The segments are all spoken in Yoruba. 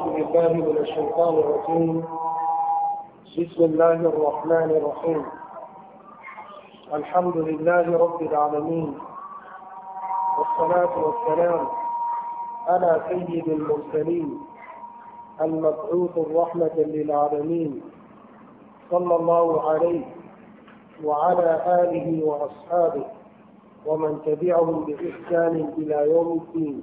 أعوذ بالله من الشيطان الرجيم بسم الله الرحمن الرحيم الحمد لله رب العالمين والصلاة والسلام على سيد المرسلين المبعوث رحمة للعالمين صلى الله عليه وعلى آله وأصحابه ومن تبعهم بإحسان إلى يوم الدين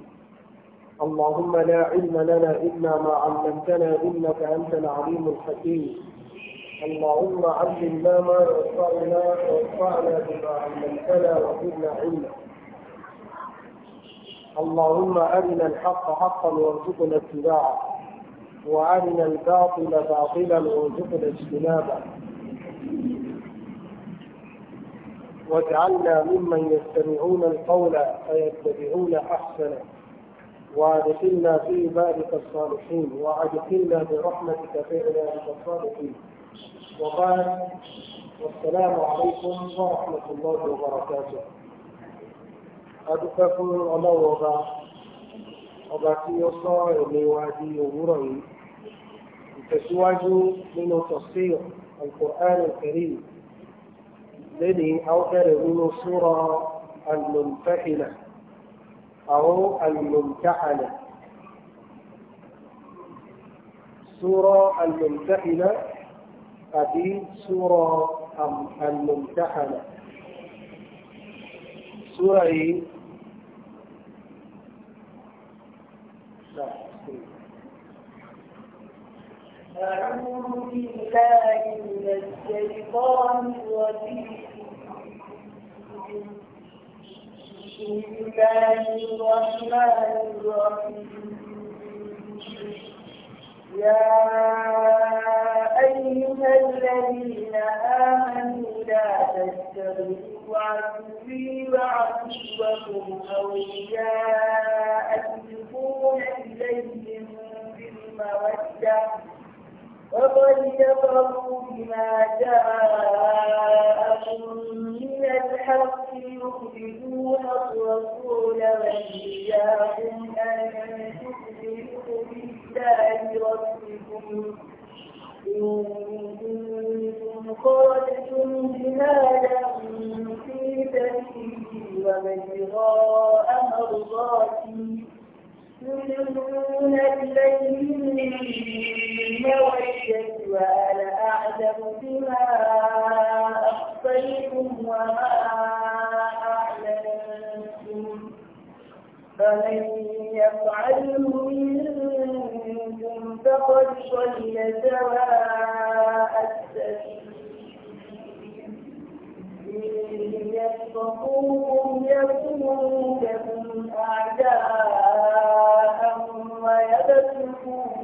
اللهم لا علم لنا إلا ما علمتنا إنك أنت العليم الحكيم اللهم علمنا ما ينفعنا وانفعنا بما علمتنا وزدنا علما اللهم أرنا الحق حقا وارزقنا اتباعه وأرنا الباطل باطلا وارزقنا اجتنابه واجعلنا ممن يستمعون القول فيتبعون أحسنه وادخلنا في عبادك الصالحين وادخلنا برحمتك في عبادك الصالحين وقال والسلام عليكم ورحمة الله وبركاته أدفكم الأمر أباكي صائمي لوادي غري لتسواج من تصير القرآن الكريم الذي أوكل من الصورة المنتحنه أو الممتحنة سورة الممتحنة أبي سورة الممتحنة سورة إيه؟ أعوذ بالله من الشيطان الرجيم بسم الله الرحمن الرحيم يا أيها الذين آمنوا لا تتبعوا عدوي وعدوكم أولياء تلقون إليهم بالمودة فقد كفروا بما جاءكم من الحق يخرجون الرسول وإياكم أن تؤمنوا بالله ربكم إن كنتم خرجتم جهادا في سبيلي وابتغاء مرضاتي تسرون إليهم من الشيء وأنا أعلم بما أخطيتم وما أعلمتم فمن يفعله منكم فقد ضل سواء إن يسبقوكم يكونوا لكم أعداء ويبتكون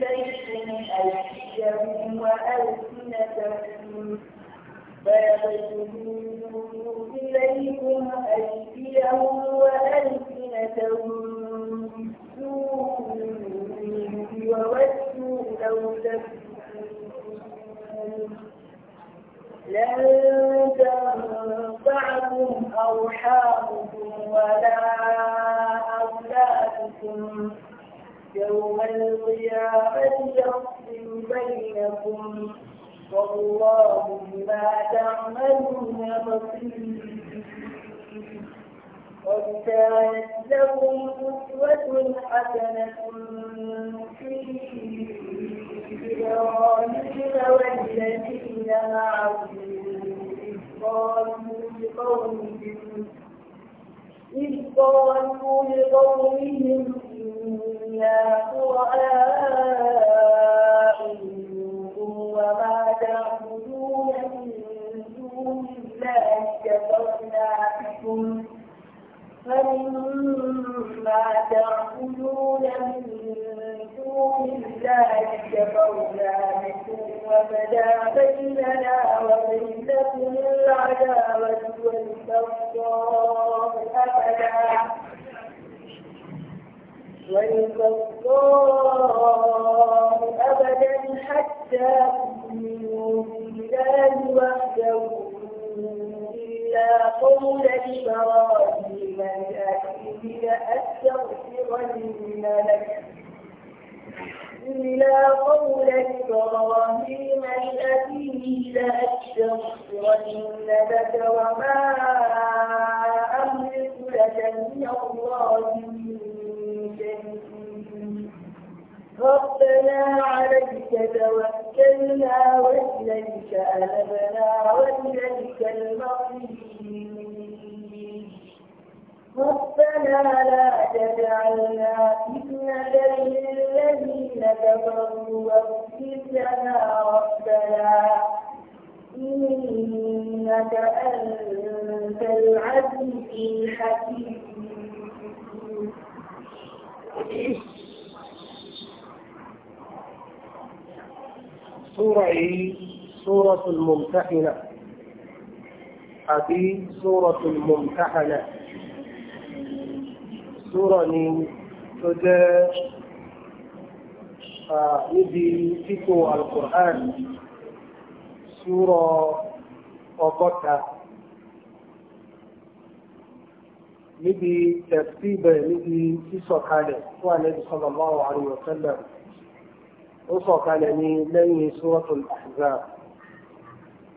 شيء أيديهم وألسنتهم فيبسطوا إليكم أيديهم وألسنتهم بالسوء وودوا لن تنفعكم أرحامكم ولا أولادكم يوم القيامة يقسم بينكم والله بما تعملون بصير قد كانت لكم أسوة حسنة في إبراهيم والذين معه إذ قالوا لقومهم إذ قالوا لقومهم إنا قراء وما تعبدون من دون الله كفرنا بكم فلما تعبدون من دون الله كفرنا بكم وبدا بيننا وبينكم العداوة والبغضاء أبدا والبغضاء أبدا حتى تؤمنوا بالله وحده إلا قول إبراهيم لأبيه لأستغفرن لك وما أملك لك من الله ربنا عليك توكلنا وإليك أنبنا وإليك المصير ربنا لا تجعلنا فتنة للذين كفروا واغفر لنا ربنا إنك أنت العزيز الحكيم سورة إيه؟ سورة الممتحنة أبي سورة الممتحنة سورة نين تجا فإذي آه، تتو القرآن سورة وقتا نبي ترتيب نبي في سوكاله النبي صلى الله عليه وسلم ó sọ̀kalẹ̀ ní lẹ́yìn suratul ahzab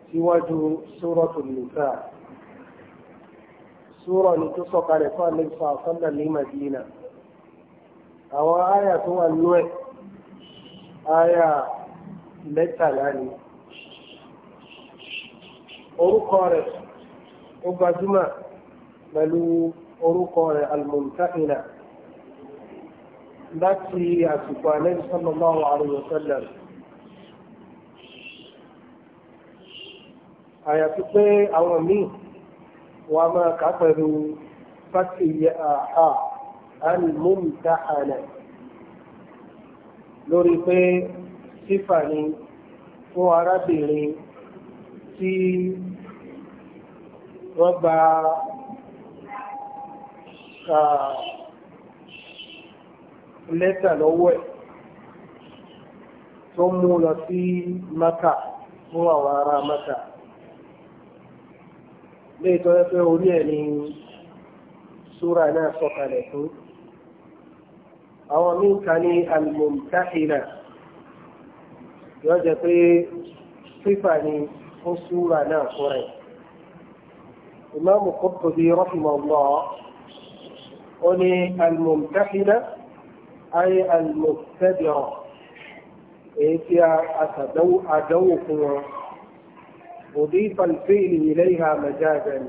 síwájú suratul nisa súrọ̀ ni tó sọ̀kalẹ̀ fún àlejò àfọ́lẹ̀ ní madina àwọn àyà tó wà nú ẹ̀ àyà mẹ́tàlá ni orúkọ rẹ̀ ó gbajúmọ̀ pẹ̀lú orúkọ rẹ̀ almuntahina láti àsìkò àlẹ́bí sallallahu alaihi wa sallam àyàfi pé àwọn míì wọ́n a máa kà pẹ̀lú fásitì àhà al-mumtahana lórí pé sífà ni fún arábìnrin tí wọ́n gba lẹ́tà lọ́wọ́ ẹ̀ tó mú lọ sí maka fún àwọn ará maka léè tó yẹ pé orí ẹ̀ ni súra náà sọ̀kalẹ̀ fún àwọn míǹkà ní alimọ̀mùtáhìnà yóò jẹ́ pé fífà ni fún súra náà fún rẹ̀ ìmáàmù Qurtubi rahimahullah ó ní alimọ̀mùtáhìnà. أي المبتدرة إيتيا أتدو أدوكم أضيف الفعل إليها مجازا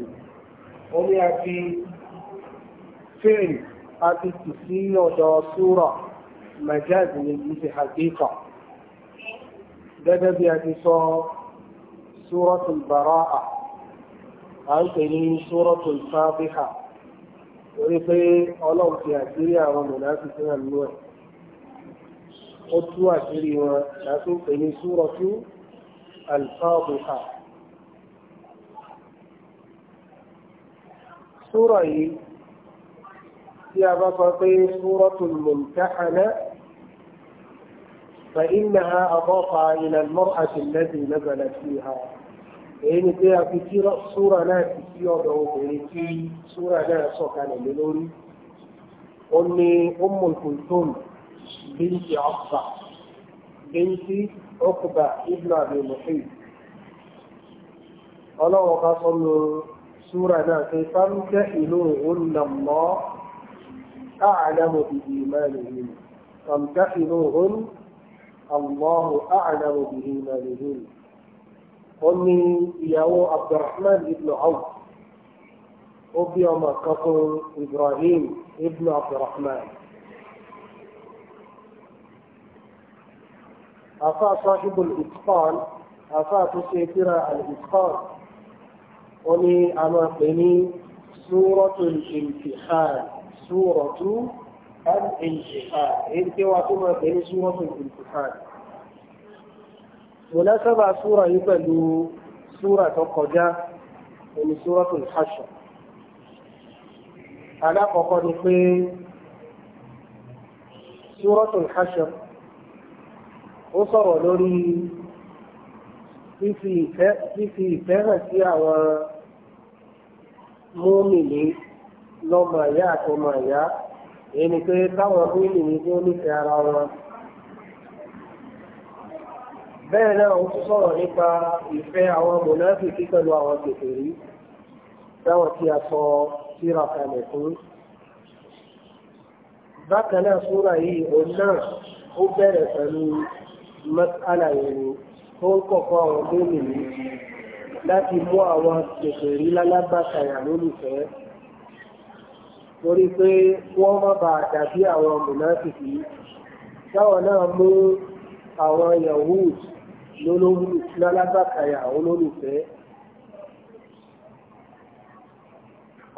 هم في فعل أتي تسين وجاسورة مجاز من في حقيقة gẹ́gẹ́ يأتي سورة البراءة sọ سورة الفاضحة torí pé ọlọ́run fi àṣírí àwọn mọ̀láṣí sí àánú ẹ̀ ó tú àṣírí wọn láti pè ní súrọ̀tú alfáàbùhà súrọ̀ yìí tí a bá sọ pé súrọ̀tù mùmtáhánà فإنها أضاف إلى المرأة التي نزلت فيها èyí ni pé a fi kí súra náà ti sí ọ̀dọ̀ obìnrin tí súra náà sọ̀kalẹ̀ lé lórí ó ní Ummul Kulthum bíntì Uqba bíntì Uqba ibn Abi Mu'ayt ọlọ́wọ́ ká sọ ní súra náà pé sáńkẹ́ ìlú òǹdà mọ́ a'lamu bi imanihim sáńkẹ́ ìlú òǹdà الله أعلم بإيمانهن ó ní ìyàwó abdulrahman ibn awf ó bí ọmọ kan fún ibrahim ibn abdulrahman. afa sahibul itqan afa tó ṣe kíra al-itqan ó ní a máa pè ní suratul imtihan suratul imtihan èyí tí wàá tó máa pè ní suratul imtihan. mùnásábà súra yìí pẹ̀lú súra tó kọjá òní súratul Hashr alákọ̀ọ́kọ́ ni pé súratul Hashr ó sọ̀rọ̀ lórí fífi ìfẹ́ àwọn múmìnì lọ́mọ ìyá àtọmọ ìyá èyí tí ó ara wọn. bẹ́ẹ̀ náà ó tún sọ̀rọ̀ nípa ìfẹ́ àwọn mùnáfíkí pẹ̀lú àwọn kèfèrí táwọn tí a sọ síra kalẹ̀ fún bákan náà súra yìí òun náà ó bẹ̀rẹ̀ pẹ̀lú mẹ́tàlá tó ń kọ̀kọ́ àwọn lónìí láti mú àwọn kèfèrí lálábàtàyà lólùfẹ́ torí pé wọ́n má bàa dàbí àwọn mùnáfíkí táwọn náà mú àwọn Yahudi lálábàkàyà olólùfẹ́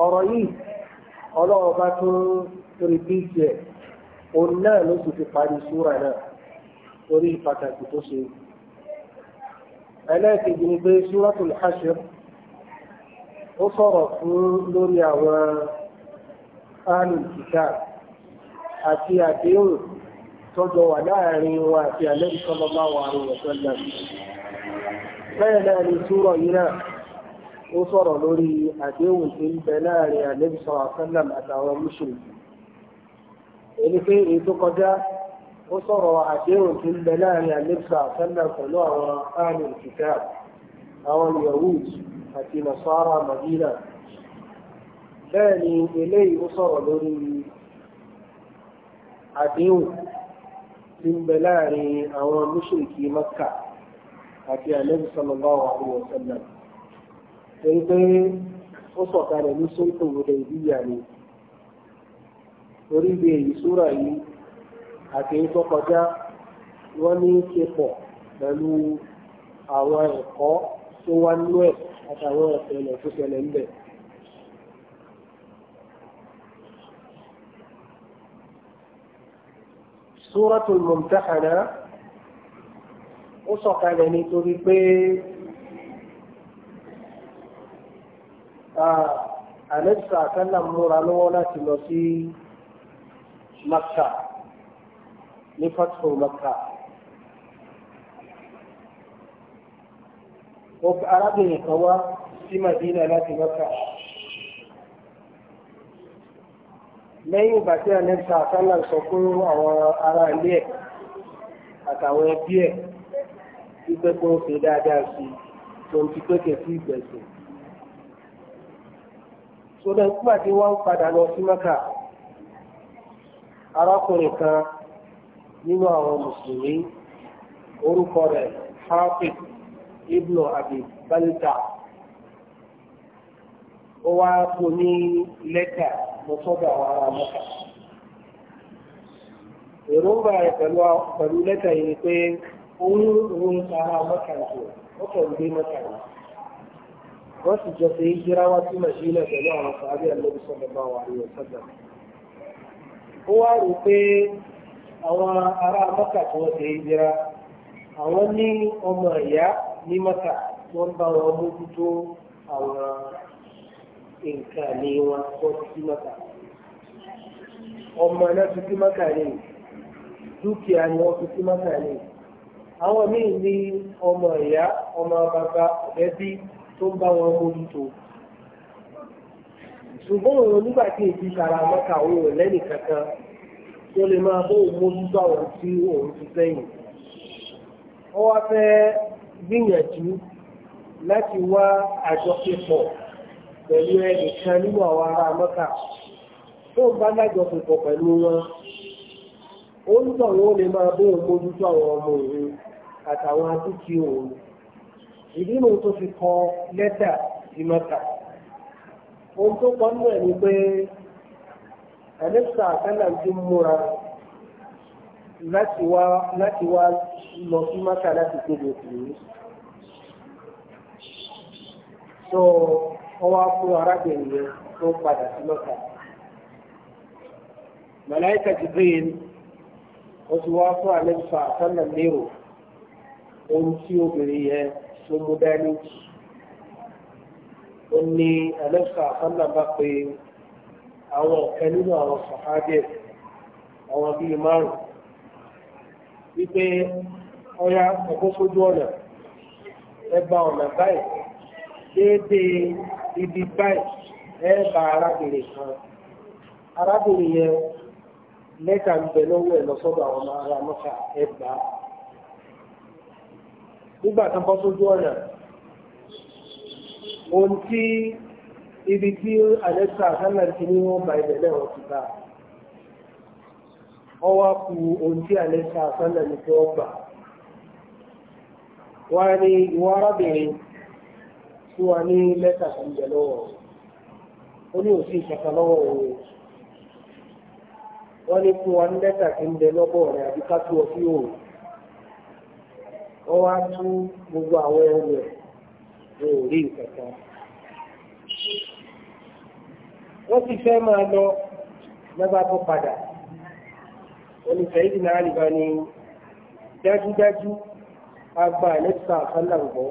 ọ̀rọ̀ yìí ọlọ́wọ́ bá tún rìpíìtì ẹ̀ òun náà ló sì fi parí súra náà orí pàtàkì tó ṣe ẹlẹ́ẹ̀kejì ni pé súratul Hashr ó sọ̀rọ̀ fún lórí àwọn alùpùpù àti àdéhùn tọ́jọ wà láàrin wa àti àlẹ́bí sallallahu alaihi wa sallam bẹ́ẹ̀ náà ni súrọ̀ yìí náà ó sọ̀rọ̀ lórí àdéhùn tí ń bẹ láàrin àlẹ́bí sallallahu alaihi wa sallam àtàwọn mùsùlùmí ẹni pé èyí tó kọjá ó sọ̀rọ̀ àdéhùn tí ń bẹ láàrin àlẹ́bí sallallahu alaihi pẹ̀lú àwọn ahlul kitab àwọn yahud àti nasara madina bẹ́ẹ̀ ni eléyìí ó sọ̀rọ̀ lórí àdéhùn tí ń bẹ láàrin àwọn mùsùlùmí mọ́kà àti àlẹ́bí sallallahu alaihi wasallam torí pé ó sọ̀kalẹ̀ ní sóńtò wọlé ìdíyà ni torí bí èyí súra yìí àti èyí tó kọjá wọ́n ní ṣe pọ̀ pẹ̀lú àwọn ẹ̀kọ́ tó wá nínú ẹ̀ àtàwọn ẹ̀sẹ̀ ẹ̀lẹ̀ tó ṣẹlẹ̀ ń bẹ̀rẹ̀. Suratul Mumtahana ó sọ̀kalẹ̀ nítorí pé àlẹ́sà àkálà múra lọ́wọ́ láti lọ sí Makka ní fathu Makka. arábìnrin kan wá sí Madina láti Makka. lẹ́yìn ìgbà tí anẹ́sà sálà sọ fún àwọn ará ilé ẹ̀ àtàwọn ẹbí ẹ̀ wípé kó ṣe dáadáa sí i tó ń so pété sí ìgbẹ̀sìn. sódà nígbà tí wọ́n padà lọ sí mẹ́kà arákùnrin kan nínú àwọn mùsùlùmí orúkọ rẹ̀ Hafiz ibn Abi lọ sọ́dọ̀ àwọn ará mọ́ta. èròǹgbà rẹ̀ pẹ̀lú lẹ́tà yìí ni pé òun òun ará mọ́ta jù ọkọ̀ ìgbé mọ́ta yìí. wọ́n sì jọ pé yíra wá sí màṣílẹ̀ pẹ̀lú àwọn sàárì àlọ́bí sọ́dọ̀ bá wà ní ọ̀sọ́dọ̀. àwọn ní ọmọ ìyá ní mọ́ta wọ́n bá wọn mójútó àwọn nǹkan ni wọn wọ́n ti sí ọmọ náà ti maka mọ́ta dúkìá ni wọ́n ti sí mọ́ta àwọn míì ní ọmọ ìyá ọmọ bàbá ẹbí tó ń bá wọn mójútó ṣùgbọ́n òun nígbà tí èyí mọ́ta òun kankan tó lè máa bó òun mójútó àwọn tí pẹ̀lú ẹnìkan nínú àwọn ará mọ́kà tó ń bá lájọ pípọ̀ pẹ̀lú wọn ó ń tọ̀ wọn lè máa bó òun mójútó àwọn ọmọ òun àtàwọn adúkì òun ìdí nù tó fi kọ lẹ́tà sí mọ́kà ohun tó kọ́ nínú ẹ̀ ni pé ẹlẹ́sà àkàlà ti múra láti wá lọ sí mọ́kà láti gbogbo òkú so wọ́n wá fún arábìnrin yẹn tó padà sí mọ́ta. Màláìka Jibril ó ti wá fún àlẹ́sọ àtọ́nà lérò ohun tí obìnrin yẹn tó mú dání. Ó ní àlẹ́sọ àtọ́nà bá pé àwọn ọ̀kẹ́ nínú àwọn sọ̀hádẹ́ àwọn bíi márùn-ún wípé ọya ọkọ̀ sójú ọ̀nà ẹ bá ọ̀nà báyìí déédéé ibi báyìí ẹ bá arábìnrin kan arábìnrin yẹn lẹ́tà ń bẹ lọ́wọ́ ẹ̀ lọ́sọ́dọ̀ àwọn ọmọ ara mọ́ta ẹ gbà á nígbà tó bọ́ sójú ọ̀nà ohun tí ibi tí alexa sálà ti ní wọ́n bá ibẹ̀ lẹ́wọ̀n ti bá ọwọ́ ku ohun tí alexa sálà ní tí gbà wọ́n á ìwọ arábìnrin fún wa ní lẹ́tà tó ń bẹ lọ́wọ́ ó ní òsì ìkẹta lọ́wọ́ òwe wọ́n ní fún wa ní lẹ́tà tó ń bẹ lọ́bọ̀ rẹ̀ àbí ká tú ọ sí òwe wọ́n wá tú gbogbo àwọn ẹrù rẹ̀ wọn ò rí ìkẹta wọ́n ti fẹ́ máa lọ lọ́ba tó padà onífẹ̀ẹ́ ìdìnnà àlìbá ni dájúdájú agbá ẹ̀lẹ́tà àfẹ́làǹgbọ́.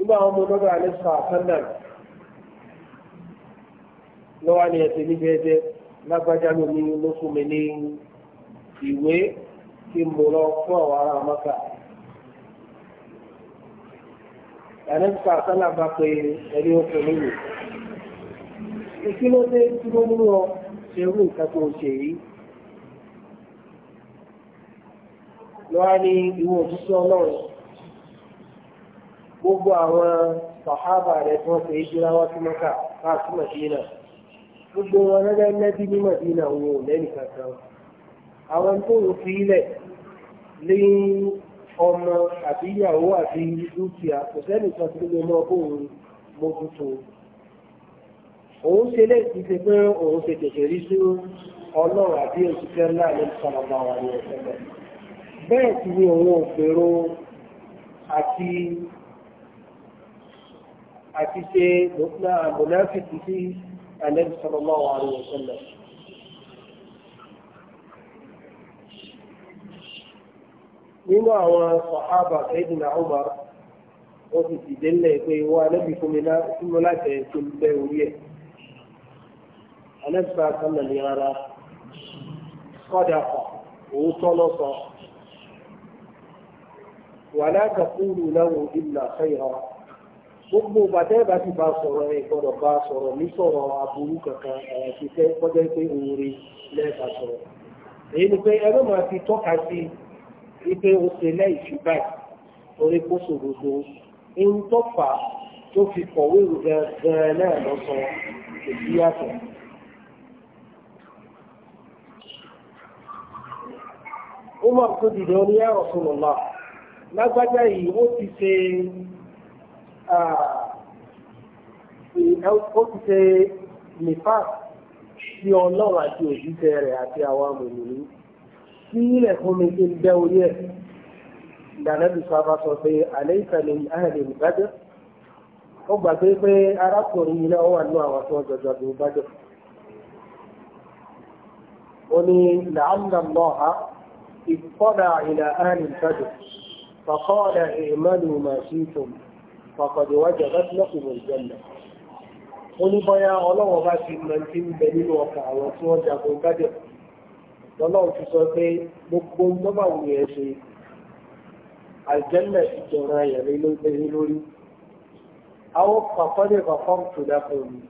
nígbà àwọn ọmọ lọ́dọ̀ alẹ́ sọ àtàndà lọ́wọ́ ni ẹ̀sẹ̀ níbi ẹ̀jẹ̀ lágbájá lómi ló fún mi ní ìwé tí mo lọ fún àwọn ará mọ́kà. alẹ́ sọ àtàndà bá pe ẹni ó fún mi wò. ìkílódé tí mo mú ọ ṣe irú nǹkan tó ṣe yìí. lọ́wọ́ ni ìwọ òṣìṣẹ́ ọlọ́run. gbogbo àwọn sàhábà rẹ̀ tí wọ́n ṣe ìjírá wá sí mọ́kà káàkiri mọ̀dínà gbogbo wọn rẹ́rẹ́ lẹ́bí ní mọ̀dínà òun ò lẹ́nu kankan àwọn tó ń fi ilẹ̀ lé ọmọ àti ìyàwó àti dúkìá kò sẹ́ni kan tó lè mọ bóun mójútó òun ṣe lẹ́sìn ṣe pé òun ṣe tẹ̀tẹ̀ rí sí ọlọ́run àbí òṣìṣẹ́ ńlá ní àti ṣe mùnáfìkì sí ànábì sallallahu alaihi wa sallam. nínú àwọn sàhábà Sayyidina Umar wọ́n ti dìde ńlẹ̀ pé wọ́n ànábì fún mi láti ẹ̀ tó bẹ́ orí ẹ̀. ànábì sọ àkànnà ní rárá kọ́dà kọ̀ òun tọ́lọ́ sọ. wàlá taqulu lahu illa khayra gbogbo bàtẹ́ bá ti bá sọ̀rọ̀ ẹ̀ gbọ́dọ̀ bá sọ̀rọ̀ ní sọ̀rọ̀ aburú kankan àti fẹ́ kọjá pé oore lẹ́ẹ̀ka sọ̀rọ̀ èyí ni pé ẹgbẹ́ máa fi tọ́ka sí i pé o ṣe lẹ́yìn sí báyìí orí kó sòdodo ń tọ́fà tó fi kọ̀wé gan-an náà lọ́sọ kò sí yàtọ̀. ó máa kó dìde ọ ní yàrá lọ́la lágbájá yìí ó ti ṣe ó ti ṣe nifas na ọlọ́run àti òjíṣẹ́ rẹ̀ àti àwọn amòmìnì sí ilẹ̀ fún mi kí n bẹ́ orí ẹ̀ a sábà sọ pé àlẹ́ ìsàlẹ̀ ahẹ̀lẹ̀ ìbájẹ́ ó gbàgbé pé arákùnrin yìí náà wà ní àwọn tó ń jọjọ bí ìbájẹ́ ó ní làálà lọ́ha اطلع إلى أهل البدر فقال fàkọ̀dé wájà láti lọ́kùnrin ìjọ́nà ó ní bọ́yá ọlọ́wọ́n bá ti mọ̀ tí ń bẹ nínú ọkà àwọn tí wọ́n jagun gádẹ̀ lọ́lọ́run ti sọ pé gbogbo nọ́bà wù yẹn ṣe àjẹ́nà ìjọra yẹ̀rẹ́ lórí lórí àwọn fàkọ́dé fàkọ́m tó dákun mi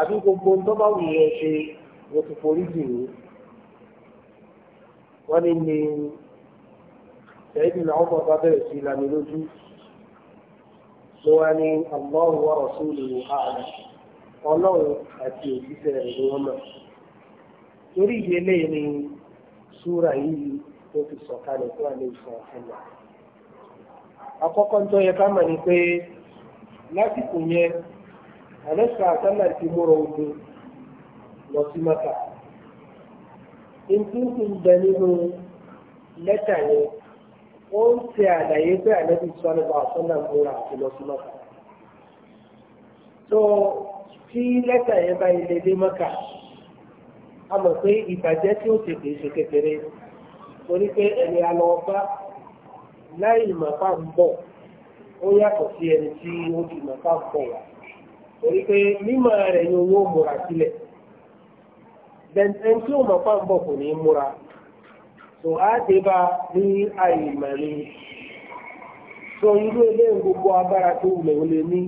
àbí gbogbo nọ́bà wù yẹn ṣe mo ti forí ló wá ní Allahu wa rasuluhu ààrẹ ọlọ́run àti òjíṣẹ́ rẹ̀ ni wọ́n mọ̀. torí ìyẹlé ni súra yìí tó fi sọ̀kalẹ̀ fún àlejò ọ̀hánà. àkọ́kọ́ tó yẹ ká mọ̀ ni pé lásìkò yẹn àlẹ́sà àtàlà ti múra ogun lọ sí mọ́ta. ìtúntún bẹ nínú lẹ́tà yẹn ó ń ṣe àlàyé pé àlẹ́bí sọ́nà bá sọ́nà múra àti tó tí lẹ́tà yẹn bá ilé dé mọ́kà a mọ̀ pé ìbàjẹ́ tí ó ti kì í ṣe kékeré torí pé ẹni a lọ láì màpá ń bọ̀ ó yàtọ̀ sí ẹni tí ó ti màpá ń bọ̀ wá torí pé rẹ̀ ni owó múra sílẹ̀ so á ti bá ní àìmọ̀lẹ́ so irú ilé gbogbo agbára tó wulẹ̀ ó lè ní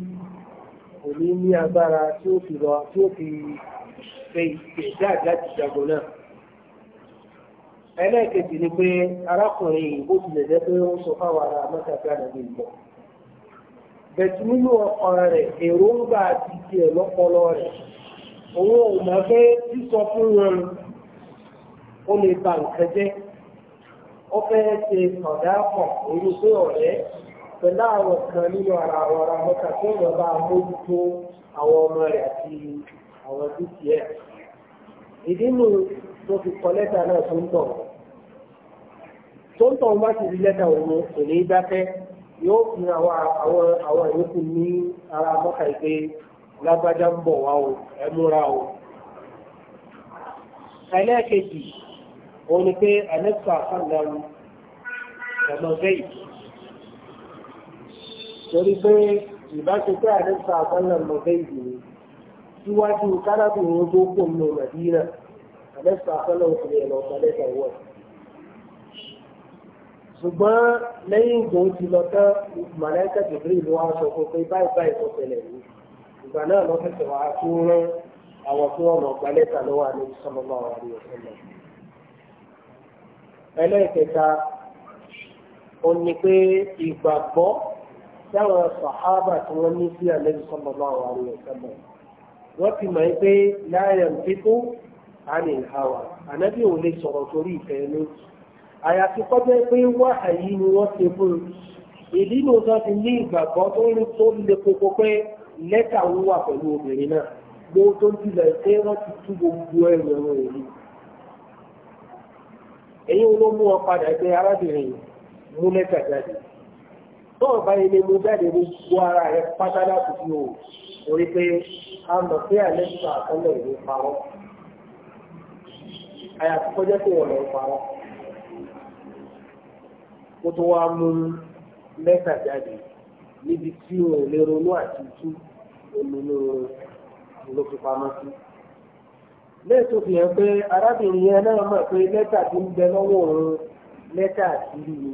kò ní ní agbára tí ó fi lọ tí ó fi ṣe ìṣẹ́jáde láti jago náà ẹlẹ́ẹ̀kejì ni pé arákùnrin yìí ó tilẹ̀ jẹ́ pé ó sọ fáwọn ará mẹ́tàkì àdàbí ìgbọ̀ bẹ̀tù nínú ọ̀rọ̀ rẹ̀ èròǹgbà àti tiẹ̀ lọ́pọlọ rẹ̀ òun ò mọ̀ pé sísọ fún wọn ó lè ba nǹkan jẹ́ fẹ́ ṣe kàndá pọ̀ èyí pé ọ̀rẹ́ pẹ̀lú àwọn kan nínú ara àwọn ará mọ́ta tí wọ́n bá mójútó àwọn ọmọ rẹ̀ àti àwọn dúkìá. ìdí nù tó fi kọ lẹ́tà náà tó ń tọ̀. tó ń tọ̀ wá sí lẹ́tà òun kò ní dákẹ́ yóò fi àwọn àwọn ìyókù ní ara mọ́ta òun ni pé anẹ́pà sàlẹ̀m ọmọ zayd torí pé ìbáṣepẹ́ anẹ́pà sàlẹ̀m ọmọ zayd ni síwájú kárábìnrin tó kò ń lo nàìjíríà anẹ́pà sàlẹ̀m kò lè lọ sàlẹ̀kà wọ̀ ṣùgbọ́n lẹ́yìn ìgbò ti lọ tán màláìkà jìbìrì ló wá sọ fún pé báyìí báyìí tó tẹ̀lẹ̀ ní ìgbà náà lọ fẹsẹ̀ wá rán àwọn tí wọ́n lọ gbalẹ́ta lọ́wọ́ àlejò sọmọmọ àwọn àlejò sọmọ ẹlẹ́ẹ̀kẹta ó ní pé ìgbàgbọ́ táwọn sàhábà tí wọ́n ní sí àlejò sọ́mọ́lá àwọn àrùn ìṣẹ́lẹ̀ wọ́n ti mọ̀ pé láyé ǹtíkú àní ìhàwà ànábì ò lè sọ̀rọ̀ torí ìfẹ́ ẹni àyàfi kọjá pé wáhàyí ni wọ́n ṣe fún un ìdí ní ọjọ́ ti ní ìgbàgbọ́ tó ń tó le koko pé lẹ́tà ń wà pẹ̀lú obìnrin náà gbogbo tó ń tilẹ̀ pé wọ́n ti tú gbogbo ẹ̀rọ ẹ̀rọ èyí èyí ló mú ọ padà pé arábìnrin mú lẹ́tà jáde tó o bá ilé mú jáde ní gbogbo ara rẹ pátá láti fi o orí pé a mọ̀ pé àlẹ́sùn àkọlẹ̀ ìlú parọ́ àyàfi kọjá pé wọ́n lọ parọ́ kó tó wá mú lẹ́tà jáde níbi tí o lè ronú àti tú olùlò olókùpamọ́ sí lẹ́ẹ̀tọ́ fi hàn pé arábìnrin yẹn náà mọ̀ pé lẹ́tà ti ń bẹ lọ́wọ́ òun lẹ́tà àṣírí ni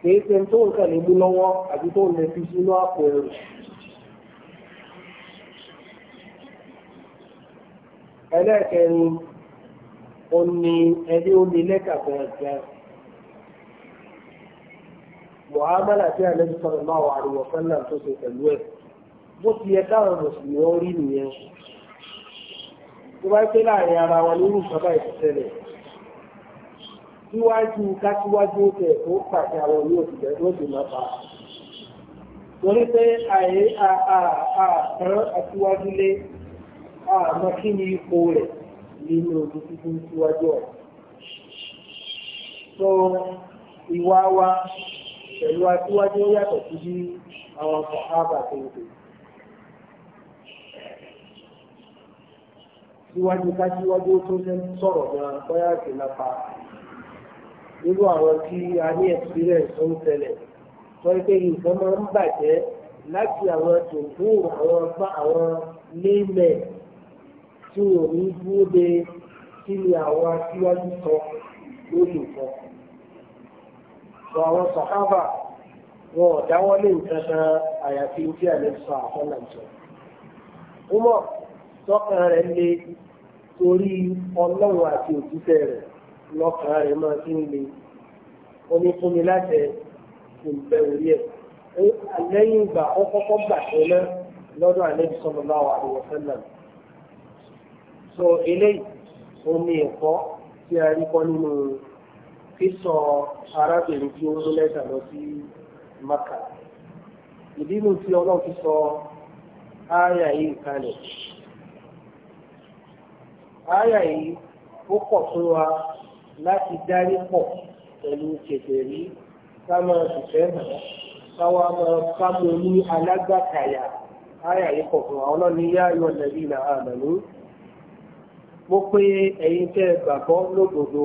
kìí ṣe tó ń kàn níbú lọ́wọ́ àti tó ń lè fi sínú àpò ẹrù. ẹlẹ́ẹ̀kẹrin ó ní ẹni ó ní lẹ́tà gbẹ̀ngàn mọ̀hámàlà tí àlejò sọ̀rọ̀ máa wà àrùwọ̀ fẹ́lá tó ṣe pẹ̀lú ẹ̀ bó ti yẹ káwọn mùsùlùmí ó rí nìyẹn tó bá pé láàrin ara wa lórí ìjọba ìṣẹ̀lẹ̀ síwájú kásíwájú oṣù tó pàṣẹ àwọn ní oṣù bẹ̀rẹ̀ oṣù mẹ́fà torí pé àyè àkàn àtiwájú lé àmọ́ kí ni ipò rẹ̀ nínú ojú títún síwájú ọ̀ so ìwà wa pẹ̀lú àtiwájú yàtọ̀ sí bí àwọn ọkọ̀ ábà tó ń pè é. síwájú ká síwájú tó ń sọ̀rọ̀ gan lápá àwọn tí a ní experience ń tẹ̀lẹ̀ sọ pé nǹkan máa ń bàjẹ́ láti àwọn tòǹtò àwọn bá àwọn lélẹ̀ tí ò ní dúró de kí ni àwọn aṣíwájú sọ lórí nǹkan. sọ àwọn wọn ò tọ́kàn rẹ̀ le torí ọlọ́run àti òjíṣẹ́ rẹ̀ lọ́kàn rẹ̀ máa fi ń le omi fún mi láti ìbẹ̀ orí ẹ̀ lẹ́yìn ìgbà ó kọ́kọ́ gbà tẹ́lẹ̀ lọ́dọ̀ àlejò sọ̀rọ̀ bá wà lọ́wọ́ sẹ́lẹ̀ so eléyìí omi ẹ̀kọ́ tí a rí kọ́ nínú sísọ arábìnrin tí ó ń lẹ́tà lọ sí maka ìdí nu tí ọlọ́run ti sọ ááyà yìí kalẹ̀. àyà yìí ó pọ̀ fún wa láti dárí pọ̀ pẹ̀lú kèfèrí ká máa ṣiṣẹ́ hàn káwa máa kámo ní alágbàkàyà àyà yìí pọ̀ fún wa ọlọ́ni yá ayọ̀ nàbí nà àmàlú. mo pe ẹ̀yin tẹ́ gbàgbọ́ lódodo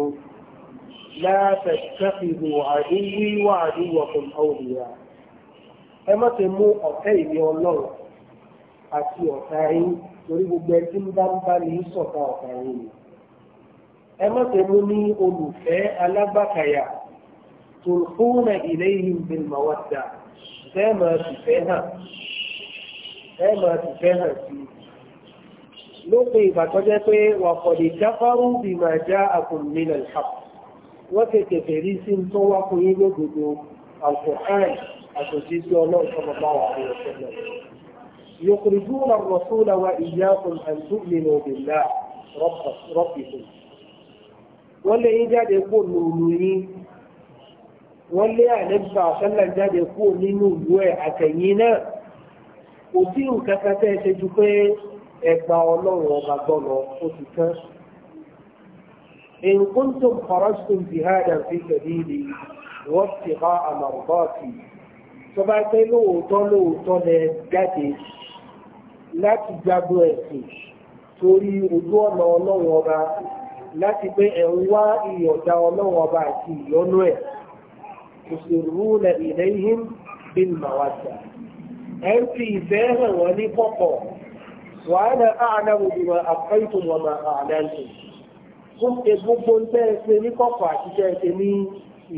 látẹ̀kẹ́fìdò àdúwíwà àwòrán ẹ má ti mú ọlọ́run àti ọ̀tá yín torí gbogbo ẹ tí ń bá ń bá ní sọ̀tà ọ̀tà yìí ni. ẹ má ṣe mú ní olùfẹ́ alágbàkàyà tulquna ilayhim bil mawadda fẹ́ máa fìfẹ́ hàn fẹ́ máa fìfẹ́ hàn sí i. lópin ìgbà tó jẹ́ pé wà kọ̀dé jáfárú bima ja'akum min al-haqq wọ́n ti kẹ̀kẹ́ rí sí tó wá fún yín lódodo ọlọ́run tó bá wà fún ọ̀sẹ̀ náà. يخرجون الرسول وإياكم أن تؤمنوا بالله ربكم wọ́n lé yín jáde kó lòlù yín wọ́n lé àlẹ́bùsà ọ̀sẹ́lẹ̀ jáde kó nínú ìlú ẹ̀ àtẹ̀yìn náà kò sí nǹkan kan tẹ́ ẹ ṣe ju pé ẹgbà ọlọ́run ọba gbọ́nà ó ti tán. إن كنتم خرجتم جهادا في سبيلي وابتغاء مرضاتي tó bá pé lóòótọ́ lóòótọ́ lẹ jáde láti jago ẹ̀sìn torí ojú ọ̀nà ọlọ́run ọba láti pé ẹ̀ ń wá ìyọ̀dá ọlọ́run ọba àti ìyọ́nú ẹ̀ tusirruna ilayhim bil mawadda ẹ̀ ń fi ìfẹ́ hàn wọ́n ní kọ̀kọ̀ wa ana a'lamu bima akhfaytum wa ma a'lantum fún egbogbo ń tẹ́ ẹ ṣe ní kọ̀kọ̀ àti tẹ́ ẹ ṣe ní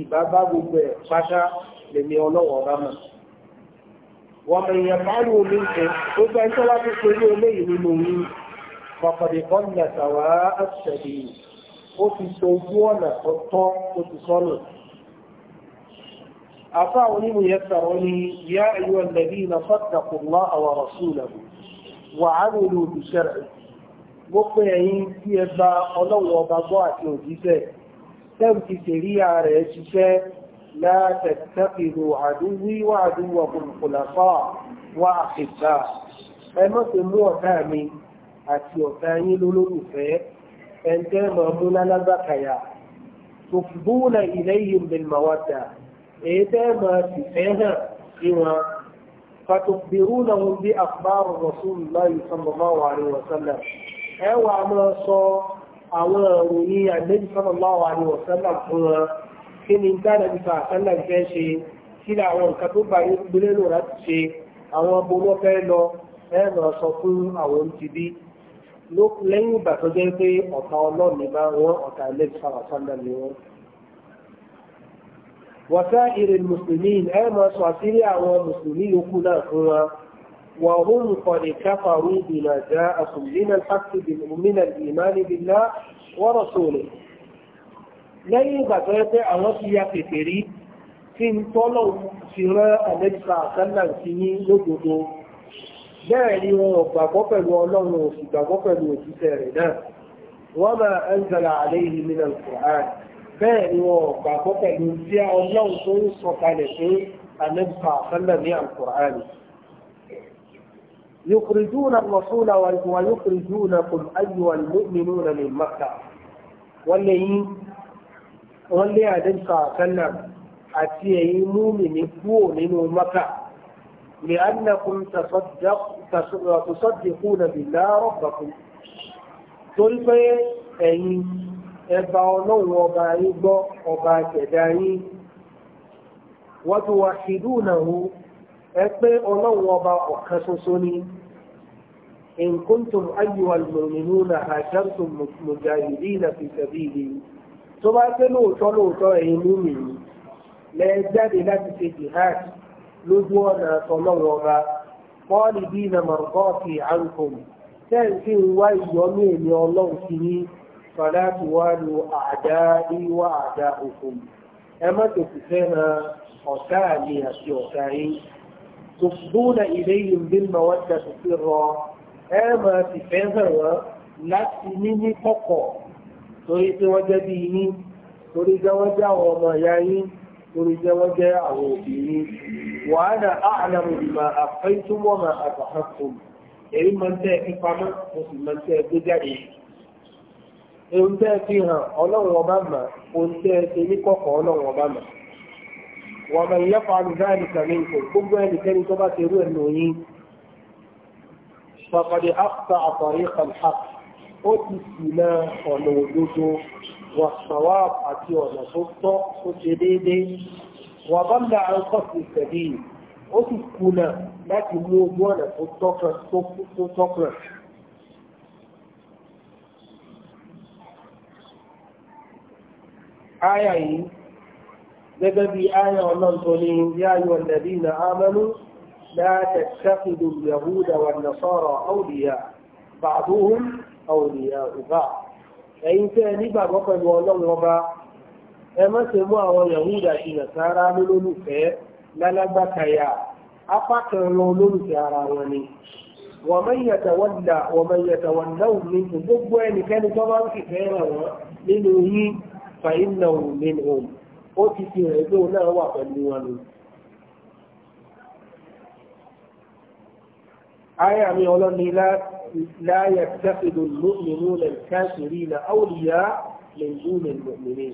ìbábá gbogbo ẹ̀ pátá lèmi ọlọ́run ọba mọ̀ wọ́n mọ̀ èèyàn pàálù omi ṣe ó gbẹ́ tó wá tó ṣe ní eléyìí nínú omi kọ̀kọ̀dé kọ́nà tàwà àṣẹ̀dì ó ti so ojú ọ̀nà tó tọ́ ó ti sọ́nà afa onímù yẹn sọ̀rọ̀ ni yá ẹ̀yọ́ ẹ̀lẹ́bí na fọ́tàkùnlá àwọn rọ̀ṣùlẹ̀ wà á rò lò bí ṣẹ̀rẹ̀ gbogbo ẹ̀yin tí ẹ gba ọlọ́wọ́ ọba gbọ́ àti òjíṣẹ́ tẹ́ǹtì لا تتخذوا عدوي وعدوكم خلفاء وأحباء أما سمو أتامي أتي أتاني لولوفي أنت مأمونا لبكيا تفضون إليهم بالمودة إذا ما تفاها سوى فتخبرونهم بأخبار رسول الله صلى الله عليه وسلم أو عما صار أو رؤيا النبي صلى الله عليه وسلم هو kí ni dára nípa àtàlà ìfẹ́ ṣe kí ni àwọn nǹkan tó bá yín gbélé lò láti ṣe àwọn ọmọ wọn fẹ́ lọ ẹ lọ sọ fún àwọn ti bí lẹ́yìn ìgbà tó jẹ́ pé ọ̀tá ọlọ́ọ̀ni bá wọn ọ̀tá ilé ìfara sọ́dọ̀ ni wọn. wọ́sá ìrè mùsùlùmí ẹ sọ àṣírí àwọn mùsùlùmí yòókù náà fún wa وهم قد كفروا بما جاءكم من الحق من الإيمان بالله ورسوله lẹ́yìn ìgbà tó yẹ pé àwọn ti ya kèfèrí tí ń tọ́lọ̀ fi rán àlẹ́bíkà àkálà sí ní lódodo bẹ́ẹ̀ ni wọn ò gbàgbọ́ pẹ̀lú ọlọ́run ò sì gbàgbọ́ pẹ̀lú òjíṣẹ́ rẹ̀ náà wọ́n máa ń zàlà àléyìn nínú ìkùrán bẹ́ẹ̀ ni wọn ò gbàgbọ́ pẹ̀lú tí ọlọ́run tó ń sọ̀kalẹ̀ fún àlẹ́bíkà àkálà ní àkùrán يخرجون الرسول ويخرجونكم أيها المؤمنون من مكة والذين wọ́n lé àdínkà àkànnà àti ẹ̀yin múmìnì kúrò nínú maka lè annakum tasaddaquna billahi rabbakum torí pé ẹ̀yin ẹba ọlọ́run ọba yín gbọ́ ọba àtẹ̀dá yín wọ́n tó wá ṣìdúnàwó ẹ pé ọlọ́run ọba ọ̀kan ṣoṣo ni in kuntum ayyuhal mu'minuna hajartum mujahidina fi sabilihi tó bá pé lóòótọ́ lóòótọ́ ẹ̀yin ní mìíràn lẹ jáde láti ṣe jihad lójú ọ̀nà àtọ̀lọ́wọ́ ọba pọ́ọ̀lì bíi na mọ̀rọ̀kọ́ọ̀tì àrùkùn tẹ́ǹtì ń wá ìyọ́nú èmi ọlọ́run sí ní fàdáàtì wá lu àdá ìwà àdá òkun ẹ má tòkù fẹ́ràn ọ̀tá mi àti ọ̀tá yín tòkùdúnà ìléyìn bí mọ̀wọ́dà tó fi rọ ẹ máa ti fẹ́ hàn láti ní kọ́kọ̀ọ́ torí pé wọ́n jẹ́ bí yín torí jẹ́ wọ́n jẹ́ àwọn ọmọ ìyá yín torí jẹ́ wọ́n jẹ́ àwọn òbí yín wàhálà àhàlàmù ìmọ̀ àfẹ́túmọ̀ mà àbàhàkùn èyí máa ń tẹ́ ẹ pamọ́ mo sì máa ń tẹ́ ẹ gbé jáde. ohun tẹ́ ní kọ̀kọ̀ ọlọ́run ọba mà. wọ́n ó ti ṣìnà ọ̀nà òjòjò wà ṣọwá àti ọ̀nà tó tọ́ ó ṣe déédéé wà bá ń ńlá ọkọ̀ sí yìí ó sì kùnà láti mú ojú ọ̀nà tó tọ́kàn áyà yìí gẹ́gẹ́ bí áyà ọ̀nà tó ní yáyọ lẹ́bí na ámánú láti ṣàfihàn yahuda wà nasọ́rọ̀ àwùdíyà bàbúhùn àwòrìyà ìbá ẹ̀yin tẹ́ ẹ nígbàgbọ́ pẹ̀lú ọlọ́run ọba ẹ má ṣe mú àwọn yahuda àti nàṣàrà lólólùfẹ́ lálágbàkàyà apá kan lọ olólùfẹ́ ara wọn ni wọ́n mọ̀ ìyàtọ̀ wọ́n dà wọ́n mọ̀ ìyàtọ̀ wọ́n náà ní gbogbo ẹnikẹ́ni tó bá ń fìfẹ́ rẹ̀ wọ́n nínú yín fàyín náà nínú ó ti fi hàn ẹgbẹ́ náà wà pẹ̀lú wọn ni. آية من أولاني لا لا يتخذ المؤمنون الكافرين أولياء من دون المؤمنين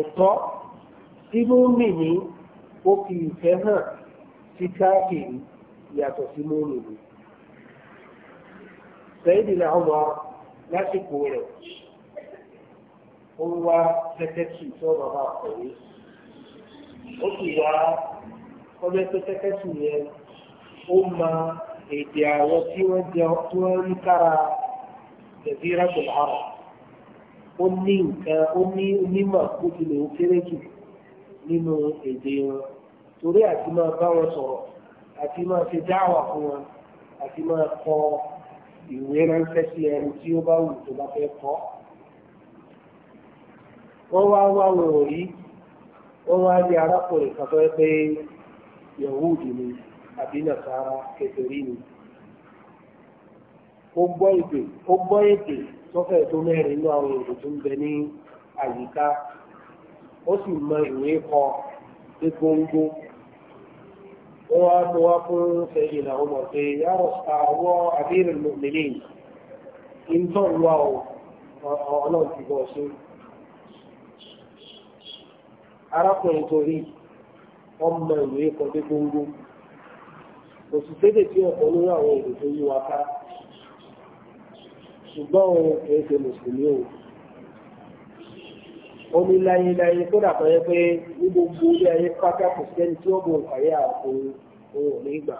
ọ̀tọ̀ tí mọ́mìnì ó fi ìfẹ́ hàn sí káàkiri yàtọ̀ sí mọ́mìnì Sayyidina Umar lásìkò rẹ̀ ó wá sẹ́kẹ́tì tó bàbá àkọ̀wé ó sì wá ọjọ́ tó sẹ́kẹ́tì yẹn ó mọ èdè àwọn tí wọ́n jẹ tí wọ́n rí kára jẹ̀bíra tó lára ó ní nǹkan ó ní onímọ̀ bó tilẹ̀ ó kéré jù nínú èdè wọn torí àti máa bá wọn sọ̀rọ̀ àti máa ṣe dáwà fún wọn àti máa kọ ìwé ránṣẹ́ sí ẹni tí ó bá wù tó bá fẹ́ kọ́ wọ́n wá wá wọn wọ́n wá rí arákùnrin kan tó yẹ pé yẹ̀wò òdì ni àbí nàṣàrà kẹtẹrí ni ó gbọ́ èdè ó gbọ́ èdè sọ́fẹ̀ tó mẹ́rin nínú àwọn èrò tó ń bẹ ní àyíká ó sì mọ ìwé kọ pé gbóngbó ó wá tó wá fún fẹ́yìn làwọn ọmọ pé yàrá àwọn àbírin mọ̀mìnì ìtọ́ ìwà ọlọ́run ṣe arákùnrin torí ọmọ ìwé kọ pé gbóngbó òṣìṣẹ́dẹ̀ tí ọ̀pọ̀ lórí àwọn èdè tó yí wa ká ṣùgbọ́n òun kìí ṣe mùsùlùmí o ó ní láyé láyé tó dàpọ̀ yẹ pé ní gbogbo ilé ayé pátá kò sẹ́ni tí ó bò káyé àkóhun òun ò ní gbà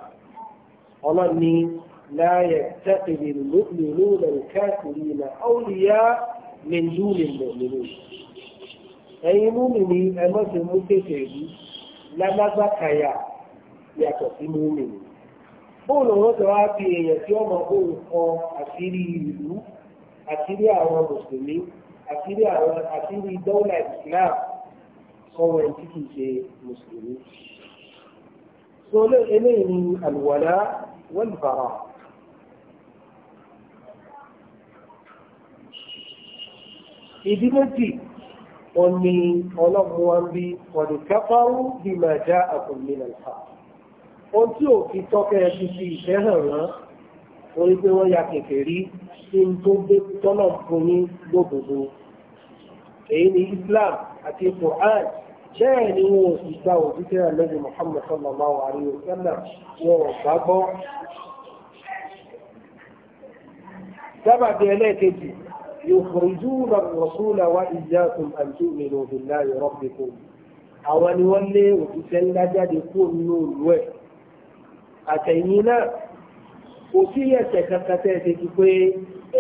ọlọ́ni láyé tẹ́kìlì lòlù lẹ́nu káàkiri ìlà ọ̀lìyá mẹ́ndú lè mọ̀ nínú ẹ̀yin mú mi ní ẹmọ́sẹ̀ mú kékeré lálágbàkàyà yàtọ̀ sí mú mi ní bóòlù wọn sọ wá fi èèyàn tí ọmọ bóòlù kan àṣírí ìlú àṣírí àwọn mùsùlùmí àṣírí àwọn àṣírí dọ́là islam sọ̀rọ̀ ẹni tí kìí ṣe mùsùlùmí. sọ eléyìí ni àlùwàlá wal ìdí méjì wọn ni ọlọ́run ń bí ọ̀dùnkẹ́fọ́rú bí màá já nàìjíríà ohun tí ò fi tọ́kẹ́ ti fi ìfẹ́ hàn rán orí pé wọ́n ya kẹ̀kẹ́ rí tí n tó gbé tọ́nà fún ní gbòdòdó èyí ni Islam àti Quran bẹ́ẹ̀ ni wọn ò sì gba òbítẹ́ àlẹ́bí Muhammad sallallahu alaihi wa sallam wọn ò bá gbọ́ sábàbí ẹlẹ́ẹ̀kejì يخرجون الرسول وإياكم أن تؤمنوا بالله ربكم àwọn ni wọ́n lé òṣìṣẹ́ ńlá jáde kó nínú ìlú ẹ̀ àtẹ̀yìn náà kò sí ẹ̀ṣẹ̀ kankan tẹ́ ẹ ṣe ti pé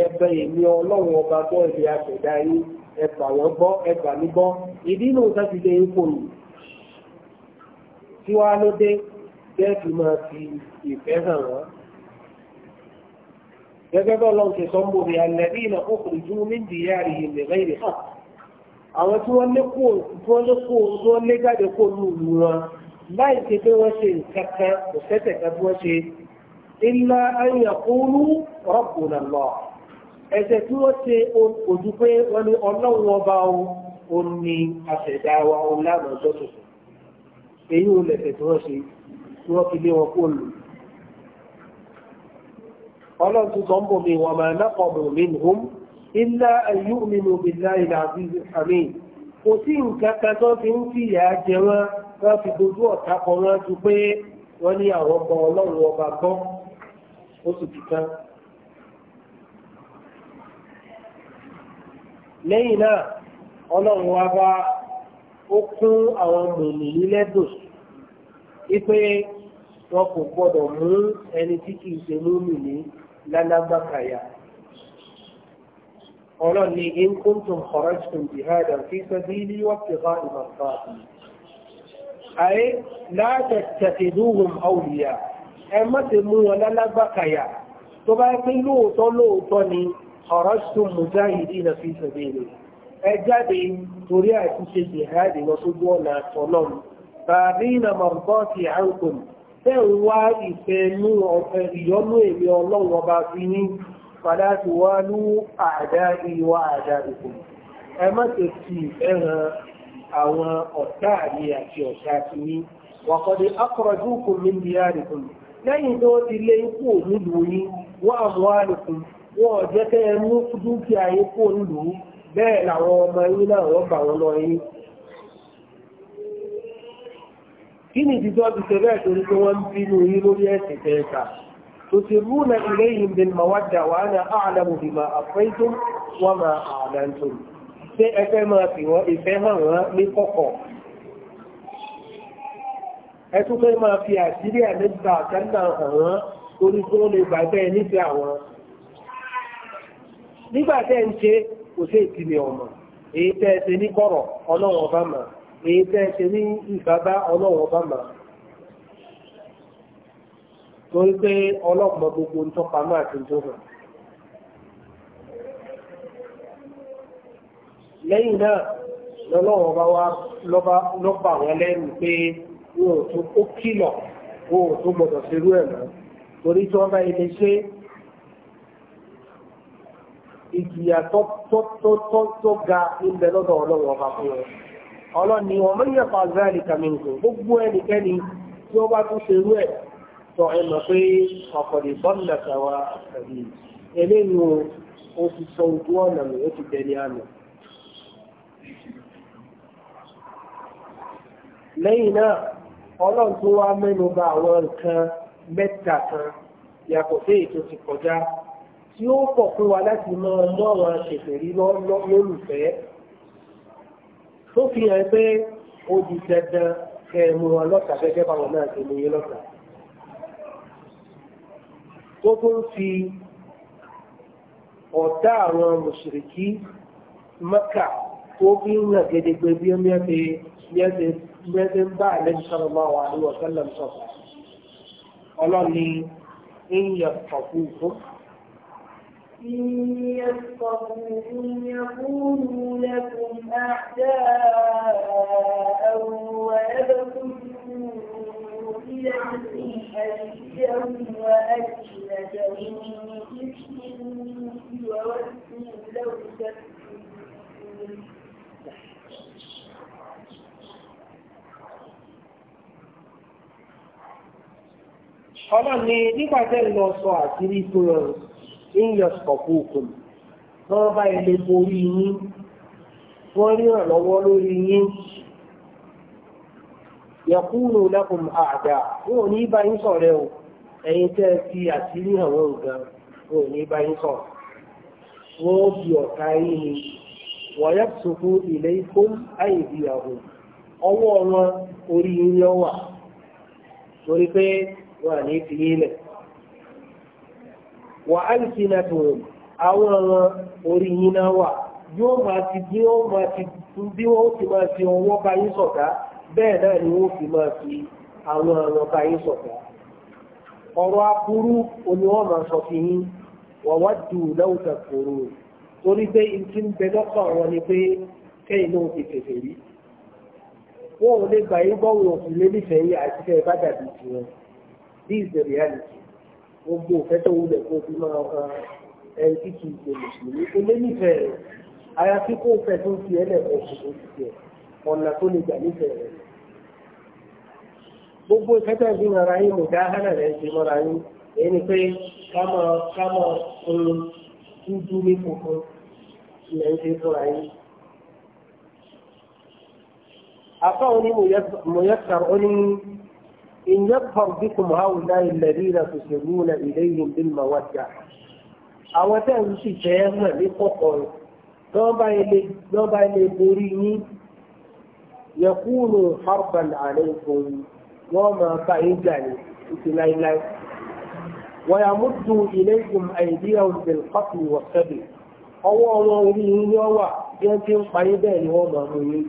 ẹbẹ èmi ọlọ́run ọba gbọ́ ìdí àtẹ̀dá yín ẹgbà wọ́n gbọ́ ẹgbà mí gbọ́ ìdí inú sáti dé ipò nù tí wàá ló dé gẹ́ẹ̀fì máa fi ìfẹ́ hàn wọ́n. gẹ́gẹ́ bọ́ lọ́n ṣe sọ́mbò ní alẹ́bí iná ọkùnrin jú mí ń dìyà rí ilẹ̀ lẹ́yìn hàn àwọn tí wọ́n lé kó tí wọ́n lé jáde kó lù wọn láì ṣe pé wọ́n ṣe nǹkan kan kò sẹ́sẹ̀ kan bí wọ́n ṣe illa an yaqulu rabbuna Allah ẹ̀ṣẹ̀ tí wọ́n ṣe ojú pé wọ́n ní ọlọ́run ọba o ò ní àṣẹ̀dá wa ọjọ́ tuntun èyí tí nǹkan kan tó fi ń fìyà jẹ wọn wọ́n fi gbogbo ọ̀tá kan wọ́n ju pé wọ́n ní àwọn ọmọ ọlọ́run ọba gbọ́ oṣù kìkan. lẹ́yìn náà ọlọ́run wa bá ó kún àwọn mòmìnì lẹ́dùn wípé wọn kò gbọdọ̀ mú ẹni tí kìí ṣe mòmìnì lálágbàkàyà. ọlọ́run ní in kuntum kharajtum fi sabili wa أي لا تتخذوهم أولياء ẹ má ti mú wọn lálágbàkàyà tó bá pín lóòótọ́ lóòótọ́ ni kharajtum fi ẹ jáde torí ṣe jihadi lọ sójú ọ̀nà àtọ̀lọ́m ba'dina mardati ankum tẹ́ ń wá ìfẹ́ inú ìyọ́nú èmi ọlọ́run ọba fi ní padà tí wá lú a'da'i wa a'da'ikum ẹ má ti fi àwọn ọ̀tá mi àti ọ̀tá ti ní wàkọ̀dé akọ̀rọ̀dúnkùn mi ní àdìkùn lẹ́yìn tó ti lé ikú nílùú yín wọ́n àmọ́ àdìkùn wọ́n jẹ́ kẹ́ ẹ mú dúkìá yín kó bẹ́ẹ̀ làwọn ọmọ yín náà wọ́n bà wọ́n lọ yín. kí ni ìdíjọ́ ti ṣe bẹ́ẹ̀ torí pé wọ́n ń bínú yín lórí ẹ̀sìn kẹta تسرون إليهم بالمودة وأنا أعلم بما أخفيتم وما أعلنتم ṣé ẹ máa fi wọ́n ìfẹ́ hàn wọ́n ní kọ̀kọ̀ ẹ máa fi àṣírí àlejò àtẹ́ńdà hàn wọ́n orí tó lè bàjẹ́ nífẹ̀ẹ́ àwọn nígbà tẹ́ ń ṣe kò sí ìtìlẹ̀ ọ̀nà èyí tẹ́ ẹ ṣe ní kọ̀rọ̀ ọlọ́run ọba mà èyí tẹ́ ẹ ṣe ní ìfàbá ọlọ́run ọba mà torí pé ọlọ́pàá gbogbo ń tọ́pa náà ti lẹ́yìn náà lọ́lọ́wọ́ bá wá lọ́bà wọn lẹ́nu pé wọn ò tó kó kìlọ̀ wọn ò tó gbọdọ̀ serú ẹ̀ mọ́ torí tí wọ́n bá ilé ṣe ìjìyà tó ga ilẹ̀ lọ́dọ̀ ọlọ́wọ́ ọba fún wọn ọlọ́ni wọn mọ́ yẹ̀fà zẹ́ẹ̀lì kàmínkù gbogbo ẹnikẹ́ni tí ó bá tún serú ẹ̀ tọ́ ẹ mọ̀ pé ọ̀pọ̀lì bọ́ọ̀lù lẹ́yìn náà ọlọ́run tó wá mẹ́nu bà àwọn nǹkan mẹ́ta kan yàtọ̀ sí ètò ti kọjá tí ó pọ̀ fún wa láti máa mọ́ àwọn aṣèṣèrí lólùfẹ́ tó fi hàn pé ó di dandan kẹmu wọn lọ́tà gẹ́gẹ́ báwọn náà ṣe mú yín lọ́tà tó tó ń fi ọ̀tá àwọn mùsùlùmí Mẹ́kà tó bí ń hàn gẹ́gẹ́ bí ó mẹ́sẹ̀ ń bá àlẹ́bí sallallahu alaihi wa sallam sọ̀rọ̀ ọlọ́ni ń yẹ pọ̀kú fún. إن يفقهوكم يكونوا لكم أعداء ويبسطوا إليكم أيديهم وألسنتهم ọlọ́run ní nígbà tẹ́ ń lọ sọ àṣírí fún ọ ń yọ sọ̀kù kùn wọ́n bá ilé borí yín wọ́n rí ìrànlọ́wọ́ lórí yín yẹkúrò lẹ́kùn àdá wọn ò ní bá yín sọ̀rẹ́ o ẹ̀yin tẹ́ àwọn nǹkan wọn ò ní bá yín sọ̀rọ̀ yín ni wọ́n yẹ ilé ikú àìdíyàwó ọwọ́ wọn orí yín wọn ní fi wa wà á lè fi nàtò yóò máa ti bí wọ́n máa ti bí wọ́n ti máa fi ọwọ́ bá sọ̀tá bẹ́ẹ̀ náà ni wọ́n fi máa fi àwọn àwọn bá sọ̀tá ọ̀rọ̀ aburú omi wọn máa sọ fi yín wà wá dùn lẹ́wọ̀n tẹ̀kọ̀rọ̀ torí pé ń bẹ lọ́kàn wọn ni pé kẹ́yìn náà ti This is the reality. Gbogbo òfẹ́ tó wulẹ̀ kó fi máa hàn eh, ẹni tí kì í ṣe mùsùlùmí. Ó lé nífẹ̀ẹ́ rẹ̀. Àyàfi kó fẹ́ tó fi ẹlẹ́kọ̀ọ́ ṣòṣò ti tẹ̀. Ọ̀nà tó lè gbà nífẹ̀ẹ́ rẹ̀. Gbogbo ìfẹ́ tó ń fi mọ́ra yín mọ̀dá hánà rẹ̀ ń fi mọ́ra yín. Èyí pé ká máa ká máa ohun dúdú ní funfun ilẹ̀ ń fi fúnra yín. Àfáà oní mọ̀yẹ́sà oní. إن يظهر بكم هؤلاء الذين تسرون إليهم بالمودة àwọn tẹ́ ń sì jẹ́ hàn ní kọ̀kọ̀rọ̀ lọ́ba ilé borí yín yẹkúrò harban àlẹ́kùn wọ́n máa bá yín jà ní títí láíláí wọ́n yà mú dùn ilé ìgbìmọ̀ àìdíyà òǹdè pàtó wọ̀sẹ̀bì ọwọ́ wọn orí yín yọ́ wà bí wọ́n ti ń parí bẹ́ẹ̀ ni wọ́n máa mú yín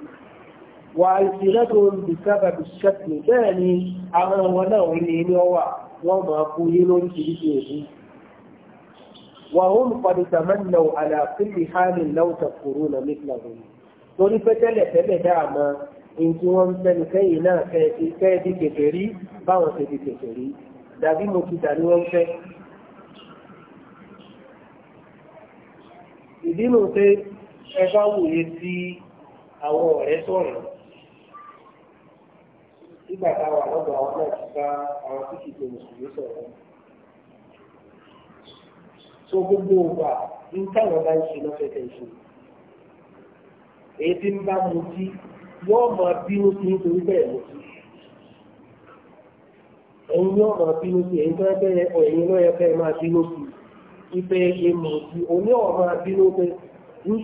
wà ìsìnlẹ́tò olùsábà bìṣẹ́tì bẹ́ẹ̀ ni àwọn ọmọ náà wọ́n ní ilé ọwà wọ́n máa kú yé lórí kìrìkì èyí wà ó lùpàdé sàmánà àlàáfíì hàní láwùtà kúrò nà nípìnlẹ̀ torí pé tẹ́lẹ̀ dáàmà in tí wọ́n ń tẹnu kẹ́yìn náà kẹ́ẹ̀ kẹfẹ́ rí báwọn ṣe di kẹfẹ́ rí dàbí mo ti ní wọ́n fẹ́ ìdí nù pé ẹ bá wòye sí àwọn ọ̀rẹ́ sọ̀rọ̀ nígbà tá a wà lọ́dọ̀ àwọn náà ti bá àwọn tí kì í ṣe mùsùlùmí sọ̀rọ̀. so gbogbo ògbà ní táwọn bá ń ṣe lọ́fẹ̀ẹ́ tẹ̀ ṣe. èyí tí ń bá mu jí yóò máa bínú sí nítorí bẹ́ẹ̀ mu jí. ẹ̀yin yóò máa bínú sí ẹ̀yin tó bẹ́ẹ̀ ọ ẹ̀yin náà yẹ fẹ́ máa bínú sí ife emu ti oní ọ̀rọ̀ máa bínú pé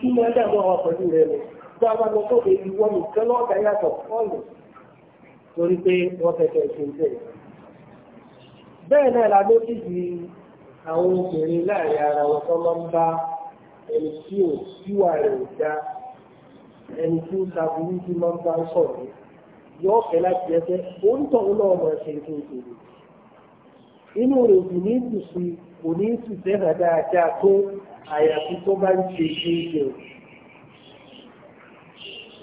ní máa dàgbà ọkọ̀ sí rẹ̀ lọ. tó a bá lọ sóde ìwọ nìkan yàtọ̀ fọ́ọ̀lù torí pé wọ́n fẹ́fẹ́ ṣe ń bẹ̀rẹ̀. bẹ́ẹ̀ náà la ló ti di àwọn obìnrin láàrin ara wọn tó máa ń bá ẹni tí ò síwà rẹ̀ ò dá ẹni tí ó ta burú tí máa ń bá ń sọ̀rọ̀ yọ ọ̀fẹ́ láti ẹgbẹ́ oúntọ̀ náà máa ṣe tó ìṣòro. inú rẹ̀ kò ní tù sí kò ní tù sẹ́nà dáadáa tó àyàfi tó bá ń ṣe ṣe ìṣòro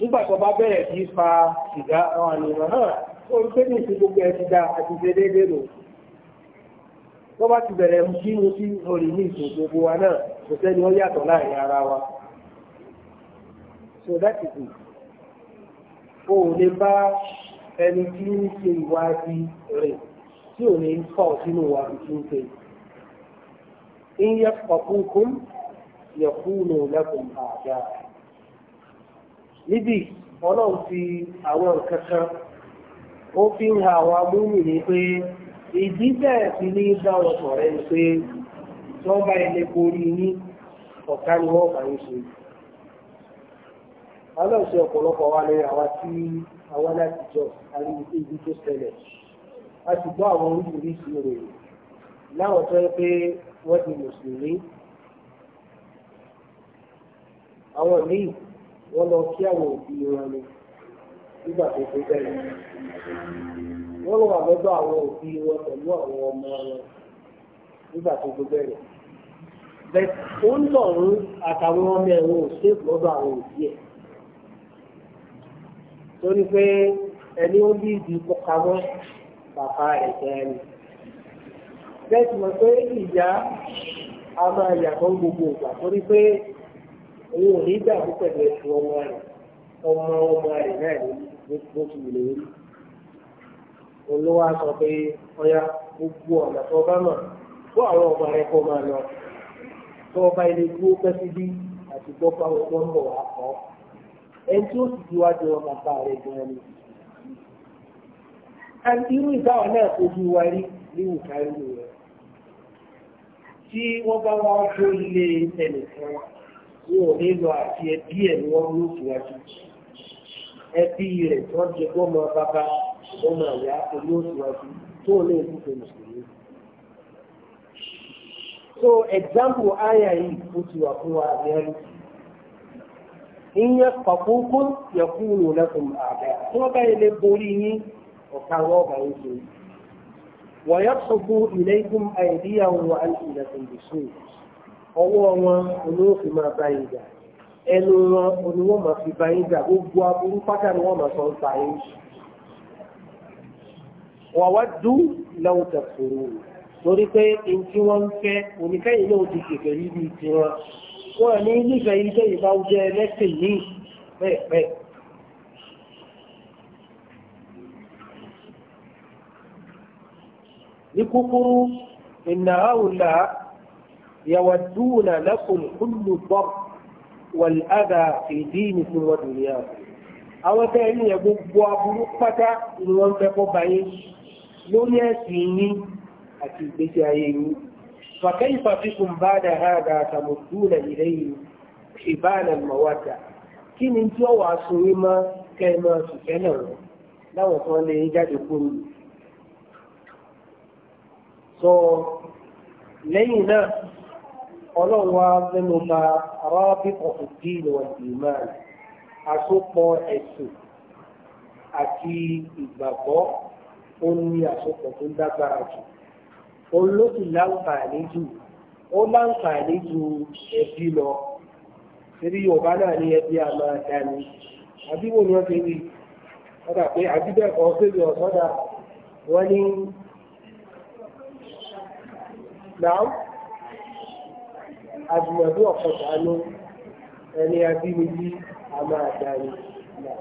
nígbàtọ̀ bá bẹ̀rẹ̀ sí fa sìgá àwọn àníyàn náà ó ń pè ní ìsìn gbogbo ẹ̀ ti da àti ṣe déédéé lò tó bá ti bẹ̀rẹ̀ mú sí mú sí orí ní ìsìn gbogbo wa náà kò sẹ́ni ó yàtọ̀ láàrin ara wa so that is it o ò lè bá ẹni tí ń ṣe ìwádìí rẹ̀ tí ò ní fọ́ sínú wa tí ń ṣe in yẹ ọkùnkùn lẹ́kùn àdáa níbi ọlọ́run ti àwọn nǹkan kan ó fi ń ha àwọn amúnì ní pé ìdí bẹ́ẹ̀ fi ní bá sọ̀rọ̀ ni pé tí wọ́n bá ilé borí ní ọ̀tá ni wọ́n bá ń ṣe. ọ̀pọ̀lọpọ̀ wa tí àrí ibi tó ṣẹlẹ̀ a sì gbọ́ àwọn oríṣiríṣi ìròyìn láwọn tó pé wọ́n wọ́n lọ kí àwọn òbí wọn ni nígbà tó tó bẹ́ẹ̀ wọ́n lọ wà lọ́dọ̀ àwọn òbí wọn pẹ̀lú àwọn ọmọ wọn nígbà tó tó bẹ́ẹ̀ bẹ́ẹ̀ ó ń lọ̀rún àtàwọn ọmọ ẹ̀wọ̀n ò lọ́dọ̀ àwọn òbí ẹ̀ torí pé ẹni ó bí ìdí kọka bàbá ẹ̀jẹ̀ ẹni bẹ́ẹ̀ tí mo pé ìyá a máa yàtọ̀ gbogbo ìgbà torí pé òun ò ní dàbí pẹ̀lú ẹ̀sùn ọmọ rẹ̀ ọmọ ọmọ rẹ̀ náà ní bó ti wù lórí. olówó á sọ pé ọya gbogbo ọ̀nà tó bá mọ̀ fún àwọn ọmọ rẹ̀ kó máa lọ tó ọba ilé dúró pẹ́ síbí àti gbọ́ fáwọn tó ń bọ̀ wá kọ́ ẹni tí ó sì ti wá jẹ wọn bàbá rẹ̀ gan ni. àti irú ìbáwọ̀ náà fojú wa rí ní ìkárí rẹ̀ tí wọ́n bá wá jó ilé ẹnìkan wọn ò ní lọ àti ẹbí ẹ̀ ni wọ́n ló síwájú ẹbí rẹ̀ tí wọ́n jẹ gbọ́mọ bàbá gbọ́mọ ìyá olú síwájú tó lè fúnfẹ́ mùsùlùmí. so example aya yìí ó ti wà fún wa àbíyáni ìyẹn kọ̀kúnkún yẹkúrò lẹ́kùn àbẹ̀ tí wọ́n bá yẹ lè borí yín ọ̀ka rọ́ọ̀bà yín ṣe wọ́n yẹ kọ̀kú ilé ikú àìdíyàwó àìsàn ìdàkùn bìṣù ọwọ́ wọn olówó fi máa bá yín jà ẹnu wọn olówó máa fi bá yín jà gbogbo aburú pátá ni wọ́n máa sọ ń fa yín. wàwá dú lẹ́wọ̀n tẹ̀sùrù torí pé n tí wọ́n ń fẹ́ oníkẹ́yìn náà ti kẹ̀kẹ́ rí bíi tiwọn wọn ní nífẹ̀ẹ́ iṣẹ́ ìbáwújẹ́ ẹlẹ́sìn yìí bẹ́ẹ̀ bẹ́ẹ̀. ní kúkúrú ìnáhàwùlà يودون لكم كل الضر والأذى في دينكم ودنياكم àwọn tẹ́ ẹni yẹn gbogbo aburú pátá ni wọ́n fẹ́ kó bá yín lórí ẹ̀sìn yín àti ìgbésí ayé yín fàkẹ́ ìfàfikùn bá dà hàdà àtàmùdúnà ìrẹ́yìn ìbáàlẹ̀ mọ̀wádà kí ni tí ó wà sórí mọ́ kẹ́ẹ̀mọ́ ṣùfẹ́ náà rẹ̀ láwọn kan lè jáde kúrò sọ lẹ́yìn náà ọlọ́run wa mẹ́nu ba arábìkọ̀ òdì ìwọ̀n ìmáà àsopọ̀ ẹ̀sìn àti ìgbàgbọ́ ó ní àsopọ̀ tó dágbára jù òun ló sì láǹfààní jù ó láǹfààní ju ẹbí lọ torí yorùbá náà ní ẹbí a máa dání àbí wo ni wọ́n ti rí ọ̀dà pé àbíbẹ̀kọ̀ fèrè ọ̀sọ́dà wọ́n ní àjùmọ̀bí ọ̀pọ̀dánù ẹni abínibí a máa dání náà.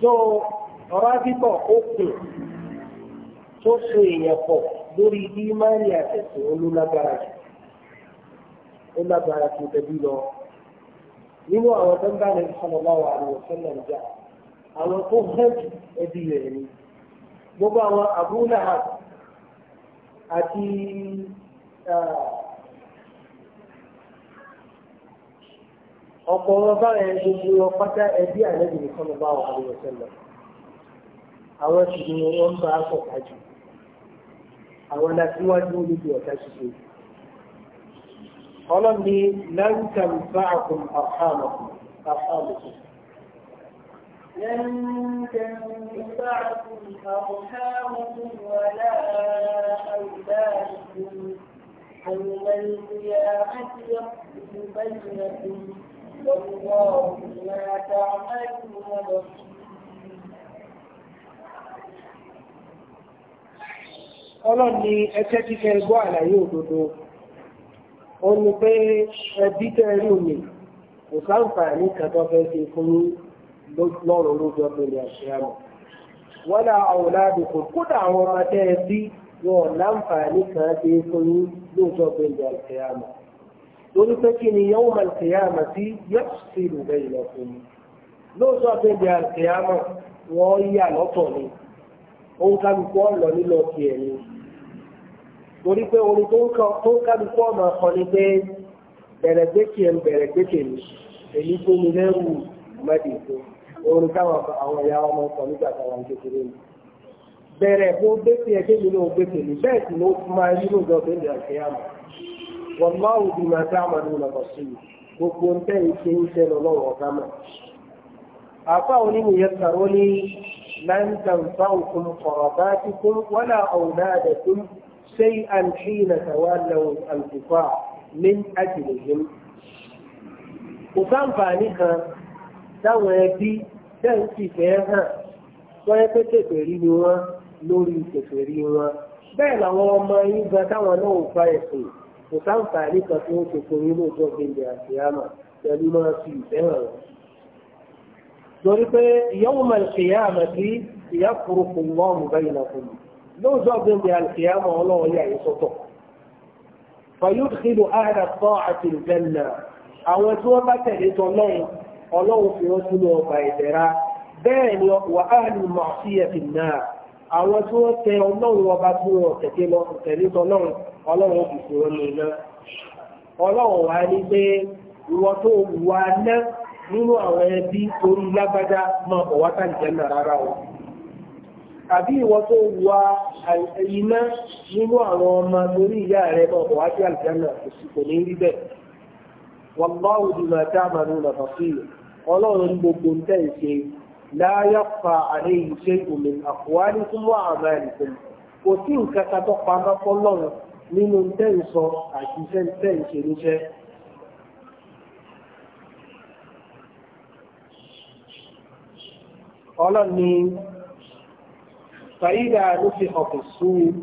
so ọ̀rọ̀ àbíbọ̀ okùn tó so èèyàn pọ̀ lórí ìmánì àtẹ̀sẹ̀ olólágbára jù ó lágbára tó tẹ̀bí lọ nínú àwọn tó ń bá lẹ́yìn sọlọ́láwà àwọn sọ́nà ìjà àwọn tó hẹ́ẹ̀dì ẹbí rẹ̀ ni gbogbo àwọn àbúrò náà àti ọ̀pọ̀ wọn báyẹn gbogbo wọn ẹbí àlẹ́bí nìkan ló bá wọn àwọn ọ̀sẹ̀ àwọn ṣùgbọ́n wọn bá pọ̀ kájú àwọn aláṣíwájú níbi ọ̀tá ṣiṣẹ́ ọlọ́ni láǹkà ń bá àkùn àfáàmù لن تنفعكم أرحامكم ولا أولادكم يوم القيامة يفصل بينكم والله ما تعملون بصير ọlọ́run ni ẹ̀kẹ́ kíkẹ́ ẹgbọ́ àlàyé òdodo ó ní pé ẹbí tẹ́ rí omi kò sáǹfà ní kàtọ́fẹ́ sí fún yín lọ́rọ̀ lójọ́ pẹ̀lú àṣíyàmù wọ́n lá àwòládùkù kódà àwọn ọmọdé ẹbí wọn láǹfààní kan dé fún lójọ́ pẹ̀lú àṣíyàmù lórí pé kí ni yóò máa ṣèyàmù sí yẹ́pùsìlù bẹ́ẹ̀ lọ fún mi lójọ́ pẹ̀lú àṣíyàmù wọ́n yà lọ́tọ̀ ni òun kálukú ọ̀lọ́ nílọ tiẹ̀ ni torí pé orin tó ń kálukú ọ̀nà kan ni pé bẹ̀rẹ̀ gbé tiẹ̀ ń bẹ̀rẹ̀ gbé tiẹ̀ ni èyí tó mi lẹ́rù mẹ́tẹ̀ẹ̀tọ́ orin káwọn àwọn ẹ̀yà ọmọ ọkọ̀ nígbà táwọn kékeré ni. bẹ̀rẹ̀ bó gbèsè ẹ kéde ní ògbèsè ní bẹ́ẹ̀ sì ló máa rí lóòjọ́ tó ń dẹ̀ ṣe àmọ́. wọn máa wù bí màá sáà máa lọ sí i gbogbo ń tẹ́ ìṣe ń ṣe lọ lọ́wọ́ ọ̀gá mọ̀. àfa onímùyẹ sàrọ́ ní láńtàǹfà òkun kọ̀rọ̀ bá ti kún wọ́lá ọ̀nà àdẹ̀kún شيئا حين تولوا القطاع من أجلهم. وكان فانيكا سوى بي tẹ́ ń fi fẹ́ hàn wọ́n yẹ pé kèfèrí ni wọ́n lórí kèfèrí wọn bẹ́ẹ̀ làwọn ọmọ yín gan táwọn náà ò fa ẹ̀sìn kò sáǹfààní kan tí wọ́n ṣe fún yín lóòjọ́ gbèndé àti àmà pẹ̀lú máa fi ìfẹ́ hàn wọn. torí pé ìyàwó máa ń ṣèyá àmà sí ìyá kúrúkú lọ́ọ̀mù báyìí náà fún mi lóòjọ́ gbèndé àti àmà ọlọ́run yà yín sọ́tọ̀. fàyọ̀dù sílùú àhàdà sọ́ àti ìjẹ́ nà àwọn tí wọ́n bá tẹ̀lé tọ́ lọ́run ọlọ́run fi wọ́n sínú ọgbà ìdẹ̀ra bẹ́ẹ̀ ni wà á ní mọ̀ sí ẹ̀fìn náà àwọn tí wọ́n tẹ ọlọ́run ọba tí wọ́n tẹ̀lé lọ tẹ̀lé tọlọ́run ọlọ́run ó fi fi wọn lò náà ọlọ́run wá ní pé ìwọ tó wà ná nínú àwọn ẹbí torí lágbájá máa bọ̀ wá náà rárá o àbí ìwọ tó wà iná nínú àwọn ọmọ torí ìyá rẹ̀ máa bọ̀ wá náà kò ní rí bẹ́ẹ̀ wàlláhu bima ta'maluna basir ọlọ́run gbogbo tẹ́ ń ṣe láyà fa àlẹ́ ìṣe ìmì àkùwárí fún wà àmà ìfẹ́ kò sí nǹkan kan tó pa mọ́kọ́ lọ́run nínú tẹ́ ń sọ àti iṣẹ́ tẹ́ ń ṣe níṣẹ́. ọlọ́run ni fàyídà ló fi hàn kò sùn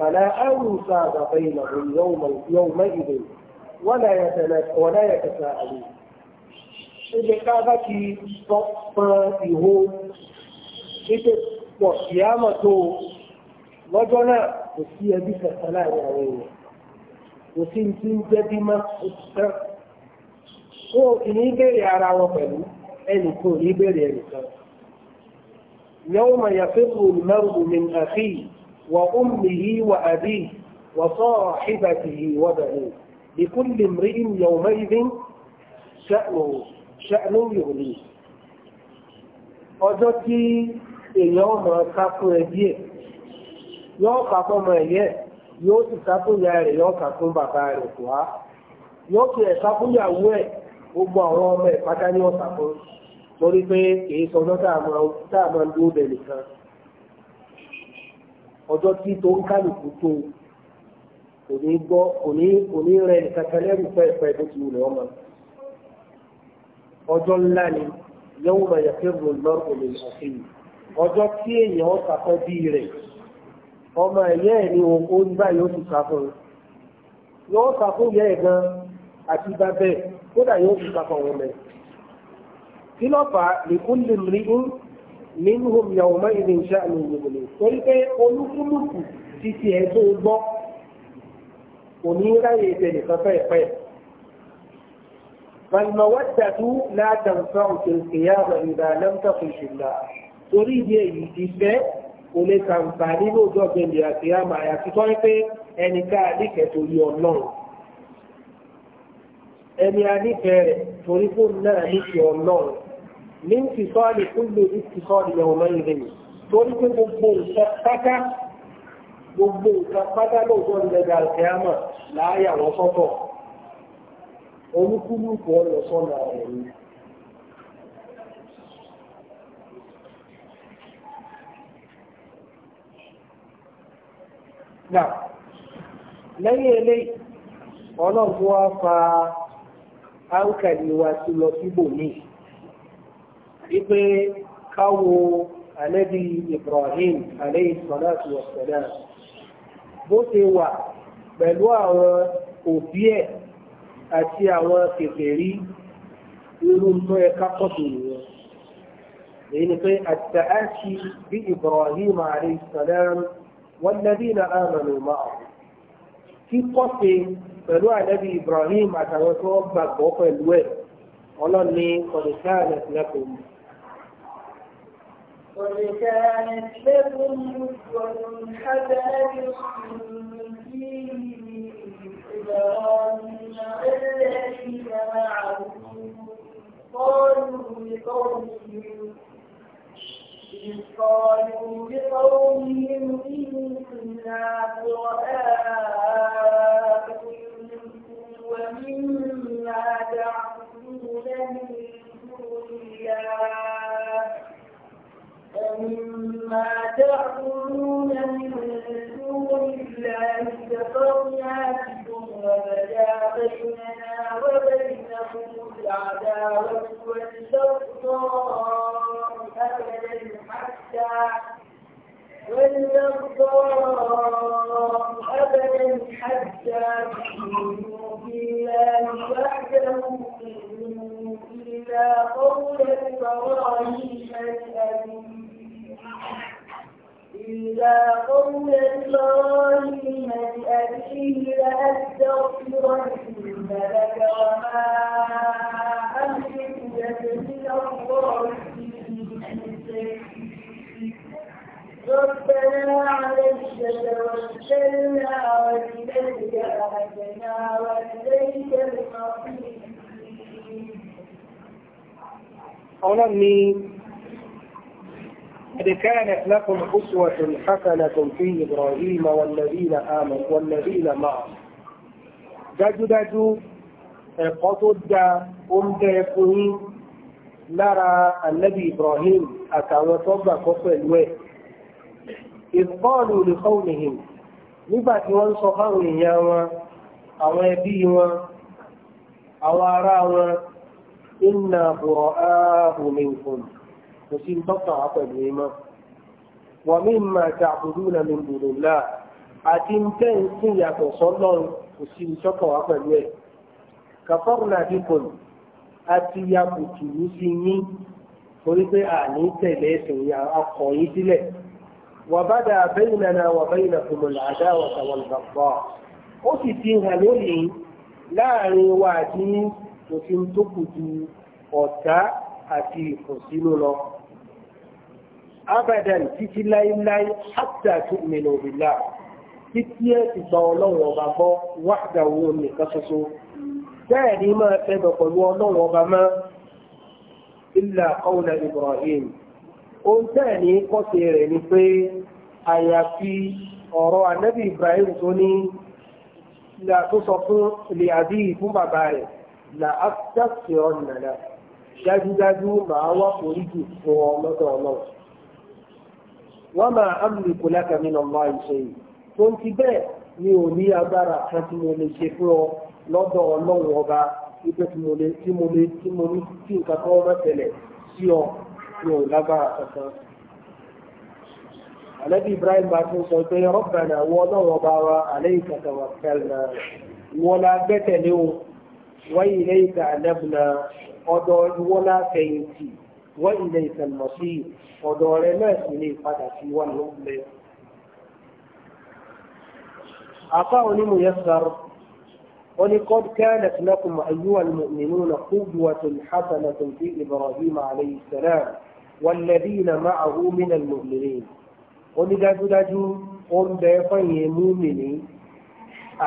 فلا أنساب بينهم يوم يومئذ ولا ولا يتساءلون ṣe lè ká bá ti sọ pọn ìhó ṣíṣe pọ̀ sí àmọ̀ tó lọ́jọ́ náà kò sí ẹbí kẹta láàrin àwọn èèyàn kò sí ti ń jẹ́ bí mọ́ oṣù tán ó kì ní béèrè ara wọn pẹ̀lú ẹnì kò ní béèrè ẹnìkan يوم يفر المرء من أخيه وأمه وأبيه وصاحبته وبنيه لكل امرئ يومئذ شأنه ṣàánú yòòlì ọjọ́ tí èèyàn ọmọ kápó ẹbí ẹ̀ yóò kápó ọmọ ẹ̀yẹ́ yóò sì kápó ìyá rẹ̀ yóò kápó bàbá rẹ̀ tó wá yóò fi ẹ̀ka fúnyàwó ẹ̀ gbogbo àwọn ọmọ ẹ̀ pátá ní ọ̀sà kan torí pé kìí sọ ọjọ́ tá a máa ń dúró bẹ̀ nìkan ọjọ́ tí tó ń kálukú tó kò ní gbọ́ kò ní rẹ nìkan kan lẹ́rù pẹ́ẹ́pẹ́ tó ti wù lọ́mọ ọjọ́ ńlá ni yẹ́wò máa yẹ fẹ́ rò lọ́rùn òní ọ̀sìn yìí ọjọ́ tí èèyàn ọ̀sàkọ́ bí rẹ̀ ọmọ ẹ̀yẹ́ ẹ̀ ni òun ó gbà yóò ti sá fún un yóò sá fún yẹ́ ẹ̀ gan àti bàbẹ́ kódà yóò ti sá fún òun lẹ̀. kí ló fà á lèkúnlè mìíràn nínú yàwó má iṣẹ́ àmì ìyẹ̀wòlè torí pé olúkúlùkù ti ti ẹ̀ tó gbọ́ kò ráyè ìtẹ̀lẹ̀ kan fẹ́ẹ̀fẹ́ẹ̀. فالمودة لا تنفعك القيامة إذا لم تخش الله تريد ìfẹ́ kò lè ṣàǹfààní lóòjọ́ gbẹ̀lẹ̀ àti àmà àyàfi tó ń pé ẹni ká nífẹ̀ẹ́ torí ọlọ́run ẹni a nífẹ̀ẹ́ rẹ̀ torí fún náà nífẹ̀ẹ́ ọlọ́run ní ti sọ́ọ̀lì kúlò ní ti sọ́ọ̀lì ọmọ ìrìn torí pé gbogbo nǹkan pátá gbogbo nǹkan pátá lóòjọ́ gbẹ̀lẹ̀ àti àmà láàyà wọ́n sọ́tọ̀ olúkúlùkù ọlọ sọ́nà ẹ̀rí. Nà lẹ́yìn eléyìí ọlọ́run wá fa áńkàlì wa sí lọ síbòmíì wípé káwo ànábì Ibrahim alayhi salatu wa salam bó ṣe wà pẹ̀lú àwọn òbí ẹ̀ àti àwọn kèfèrí irú tó yẹ ká kọ́tù nìyẹn èyí ni pé àtàáṣì bí Ibrahim alayhi salam والذين آمنوا معه kí kọ́sí pẹ̀lú ànábì Ibrahim àtàwọn tó gbàgbọ́ pẹ̀lú ẹ̀ ọlọ́ni kọ̀dùkà lẹ́kùn. قد كانت لكم أسوة حسنة في إبراهيم إذ قالوا لقومهم إن كنا ومما تعبدون من دون فمما تعبدون من دون الله كفرنا بكم وبدا بيننا وبينكم العداوة والبغضاء أبدا حتى أبدا حتى تؤمنوا بالله وحده إلا قول إبراهيم الأمين إلا قول إبراهيم لأبيه لأستغفرن لك وما أملك لك من الله ربنا عليك توكلنا وإليك أهدنا وإليك المصير. أولا قد كانت لكم أسوة حسنة في إبراهيم والذين آمنوا والذين معه dájúdájú ẹ̀kọ́ tó dá oúnjẹ ẹkùn yí lára annabi ibrahim àtàwọn tó gbà kọ́ pẹ̀lú ẹ̀ ìfọ́ọ̀lù lùkọ́ùnìhìn nígbàtí wọ́n sọ fáwọn èèyàn wọn àwọn ẹbí wọn àwọn ará wọn inna bura'ahu minkum kò sí tọ́ka wa mimma ta'buduna min dunillah àti tẹ́ ń sìn ya kùtùrú sí yín torí pé àní tẹ̀lé ẹ̀sìn ya ọkọ̀ yín na wa bada baynana abadan títí láíláí hatta tu'minu billah títí ẹ ti gba ọlọ́run ọba gbọ́ wahdahu nìkan ṣoṣo bẹ́ẹ̀ ni máa tẹ́lẹ̀ pẹ̀lú ọlọ́run ọba mọ́ illa qawla Ibrahim ohun tẹ́ẹ̀ ní kọ́sì rẹ̀ ni pé àyàfi ọ̀rọ̀ ànábì Ibrahim tó ní la tó sọ fún lè àbí fún bàbá rẹ̀ la afẹ́fẹ́ ọ̀nà náà dájúdájú màá wá foríjì fún ọ lọ́dọ̀ ọlọ́run wa ma amliku laka min Allah shay'in tó ń ti bẹ́ẹ̀ mi ò ní agbára kan tí mo lè ṣe fún ọ lọ́dọ̀ ọlọ́run ọba ipe tí mo lè tí mo lè tí mo ní tí nǹkan kan rẹ̀ tẹ̀lẹ̀ sí ọ mi ò lágbára kankan. Ànábì Ibrahim bá tún sọ pé Rabbana wọ ọlọ́run ọba wa alayka tawakkalna wọ́n la gbẹ́kẹ̀lé o wáyé lẹ́yìn ká ànábùnà ọ̀dọ̀ ìwọ́n fẹ̀yìntì wọ́n ilẹ̀ ìtẹ̀lọ̀ sí ọ̀dọ̀ rẹ̀ náà sì lè padà sí wà ló ń lẹ. Àfá onímọ̀ yẹn sọ̀rọ̀, wọ́n ní kọ́ kẹ́lẹ̀ tí lọ́kùn àyúwà nínú na kúbu wa tó lùhásà na tó fi Ibrahim alayhi salam wọ́n lẹ́bí na máa hù mí na lùmìnirin. Ó ní dájúdájú ó ń bẹ fọ́yìn mú mi ní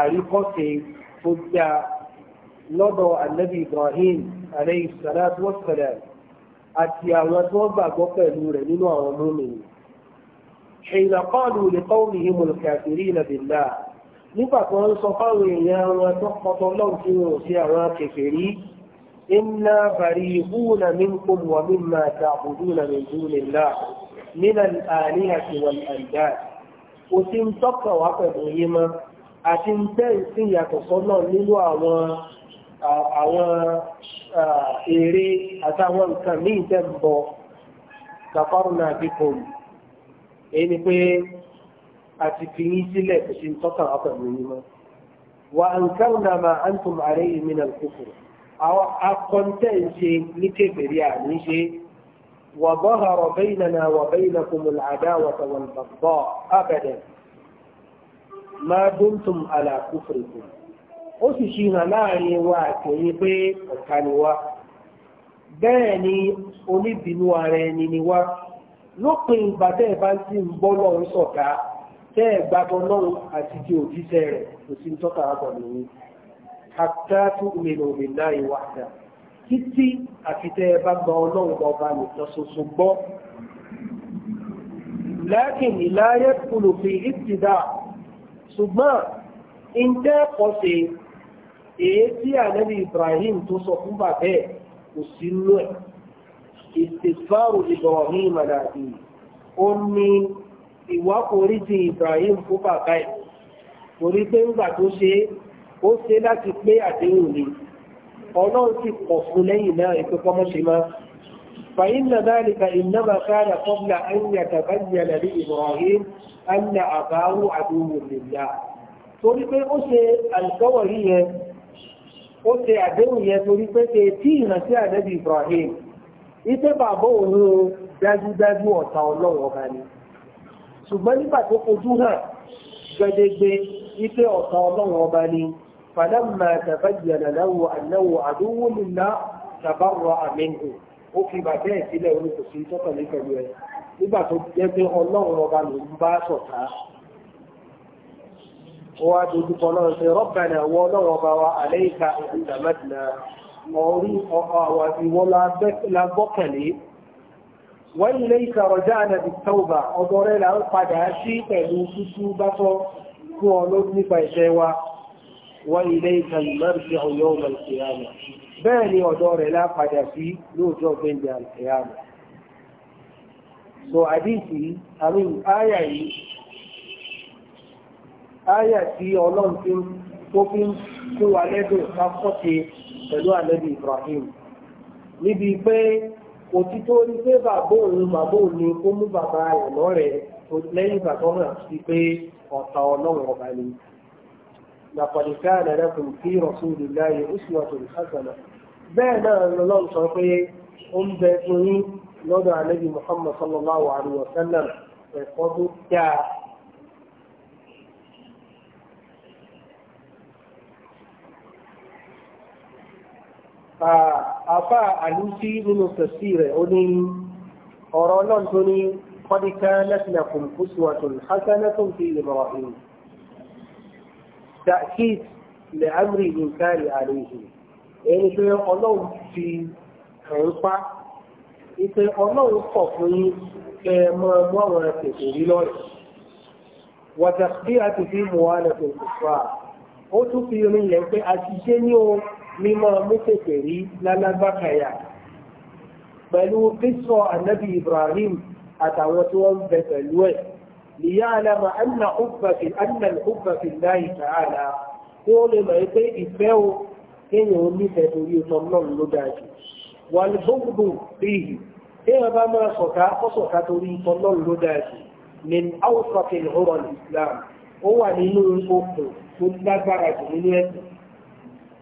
àríkọ́sẹ̀ tó gbà lọ́dọ̀ Annabi Ibrahim alayhi salatu wa salam àti àwọn tó gbàgbọ́ pẹ̀lú rẹ̀ nínú àwọn múmìnì ṣèyìnà kọ́ọ̀lù lè kọ́ mi ìmọ̀ kàfìrí ilẹ̀ bìlá nígbà tó ń sọ fáwọn èèyàn wọn tó pọ̀tọ̀ lọ́n tí àwọn kèfèrí iná wọn sí àwọn àwọn èrè àtàwọn nǹkan míì tẹ́ ń bọ kàfárùnà àbíkùn èyí ni pé àti fi yín sílẹ̀ kò sí tọ́kàn ọkàn yìí mọ́. wà á ń kárùnà máa á ń tún ààrẹ yìí mí àwọn akọ́ńtẹ̀ ń ṣe ní ó sì ṣe hàn láàrin wa àtẹ̀yìn pé ọ̀tá ni wá bẹ́ẹ̀ ni oníbínú ara ẹni ni wá lópin ìgbà tẹ́ ẹ̀ bá sì ń bọ́ lọ́run sọ̀tá tẹ́ ẹ̀ gbàgbọ́ lọ́run àti ti òjíṣẹ́ rẹ̀ kò sí ń tọ́ka àbọ̀ nìyí àtàtù ìmìnàmì láì wàdà títí àfitẹ́ ẹ bá gba ọlọ́run ọba nìkan ṣoṣo gbọ́ lákìn ìláyẹ̀ kùlùfì ìtìdá ṣùgbọ́n ìjẹ́ pọ̀ sí èyí tí ànábì Ibrahim tó sọ fún bàbẹ́ kò sí nú ẹ̀ ìsèfáàrù Ibrahim àdàbí ó ní ìwákòríjì Ibrahim fún bàbá ẹ̀ torí pé ńgbà tó ṣe ó ṣe láti pé àdéhùn ni ọlọ́run sì kọ̀ fún lẹ́yìn náà ètò kọ́mọ́ṣe máa فإن ذلك إنما كان قبل أن يتبين لإبراهيم أن أباه عدو لله. torí pé ó ṣe àlùkọ́wọ̀ yìí ó ṣe àdéhùn yẹn torí pé ṣe tí ìrántí àdẹ́bí Ibrahim ipe bàbá òun o dájúdájú ọ̀tá ọlọ́run ọba ni ṣùgbọ́n nígbà tó fojú hàn gbẹdẹgbẹ ipe ọ̀tá ọlọ́run ọba ni fàdámà tàbájìyànà láwọ àdáwọ àdúgbò nìlá tàbárọ àmẹ́ńgò ó fi bàbá ẹ̀ sílẹ̀ orí kò sí tọ́kànlé pẹ̀lú ẹ̀ nígbà tó jẹ́ pé wá dojú kọ lọ́rọ̀ pé rọ́bànà wọ lọ́rọ̀ bá wa àlẹ́yìká ìdàmẹ́tìlá orí ọ̀wà ìwọ lágbọ́kànlé wọ́n ilé ìkàrọ̀já ànàbì tọ́ọ̀bà ọdọ́ rẹ̀ là ń padà sí pẹ̀lú tútú bá tọ́ fún ọ ló nípa ìṣẹ́ wa wọ́n ilé ìkàlùmọ́rìsì ọ̀yọ́ ọmọlùkìyàmù bẹ́ẹ̀ ni ọ̀dọ́ rẹ̀ lá padà sí lóòjọ́ gbẹ̀ndẹ̀ àlùkìyàmù so àdìsí àmì áyà yìí áyà tí ọlọ́run fi ń tó fi ń kó wa lẹ́dùn ká kọ́ṣe pẹ̀lú àlẹ́bí Ibrahim níbi pé òtítọ́ ni pé bàbá òun bàbá òun ni kó mú bàbá rẹ̀ lẹ́yìn ìgbà tó sí pé ọ̀tá ọlọ́run ọba ni. في رسول الله أسوة حسنة bẹ́ẹ̀ náà lọ́lọ́run sọ pé ó ń bẹ fún yín lọ́dọ̀ àlẹ́bí Muhammad sallallahu àfà àlùsí nínú tẹ̀sí rẹ̀ ó ní ọ̀rọ̀ ọlọ́run tó ní kọ́díkà lẹ́sìnàkùn kùsùwàtún hasanatun fi Ibrahim ta'kid lẹ́àmìrì nǹkan àlejò ẹni pé ọlọ́run fi kàn pa ìpè ọlọ́run kọ̀ fún yín kẹ mọ́ mú àwọn ẹ̀sìn òrí lọ́rẹ̀ wàtàkì àti fíìmù wa lẹ́sìn kùsùwà ó tún fi rin yẹn pé àṣìṣe ní ohun mímọ́ múkèkè rí lálágbákàyà pẹ̀lú kíso ànábì Ibrahim àtàwọn tí wọ́n bẹ pẹ̀lú ẹ̀ lìyá alama anna ubbati anna ubbati láyé ta'ala tí ó lè mọ̀ pé ìfẹ́ o kéèyàn ó nífẹ̀ẹ́ torí ọ̀tọ̀ náà ló dáa jù wàlúbùgbù bíi kéèyàn bá máa sọ̀ká kọ́sọ̀ká torí ọ̀tọ̀ náà ló dáa jù min awsat Islam ó wà nínú okùn tó lágbára jù nínú ẹ̀sìn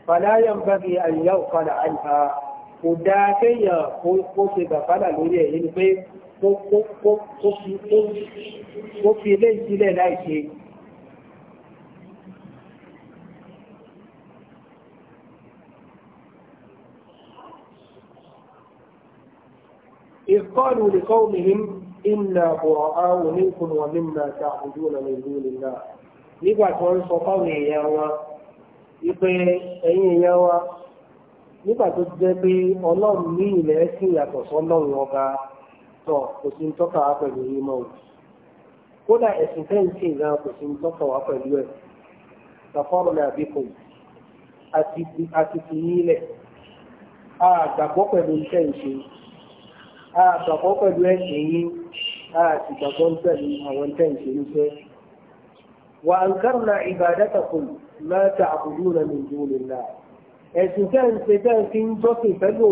فلا ينبغي أن يغفل عنها وداكي قوتي بفلا لوري ينبغي kó fi ilé ìsílẹ̀ láìṣe ìkọlù lèkọ́ òmìnirin iná bọ̀ àwọn oníkùnwọ̀n mímọ̀ tààdúnà lè rú nígbà tí wọ́n sọ fáwọn èèyàn wọn Ipe ẹ̀yin èèyàn wa nígbà tó jẹ́ pé ọlọ́run ní ilẹ̀ sí ìyàtọ̀ sọ́lọ́run ọba tọ̀ kò sí ń tọ́ka wá pẹ̀lú yín mọ́ kódà ẹ̀sìn fẹ́ǹsì ìran kò sí ń tọ́ka wá pẹ̀lú ẹ̀ ṣàfọ́rọ̀ ní àbíkù àti ti yín lẹ̀ àgbàgbọ́ pẹ̀lú iṣẹ́ ìṣe pẹ̀lú ẹ̀sìn وأنكرنا عبادتكم ما تعبدون من دون الله ẹ̀sìn tẹ́ ń ṣe tẹ́ ń fi ń jọ́sìn pẹ̀lú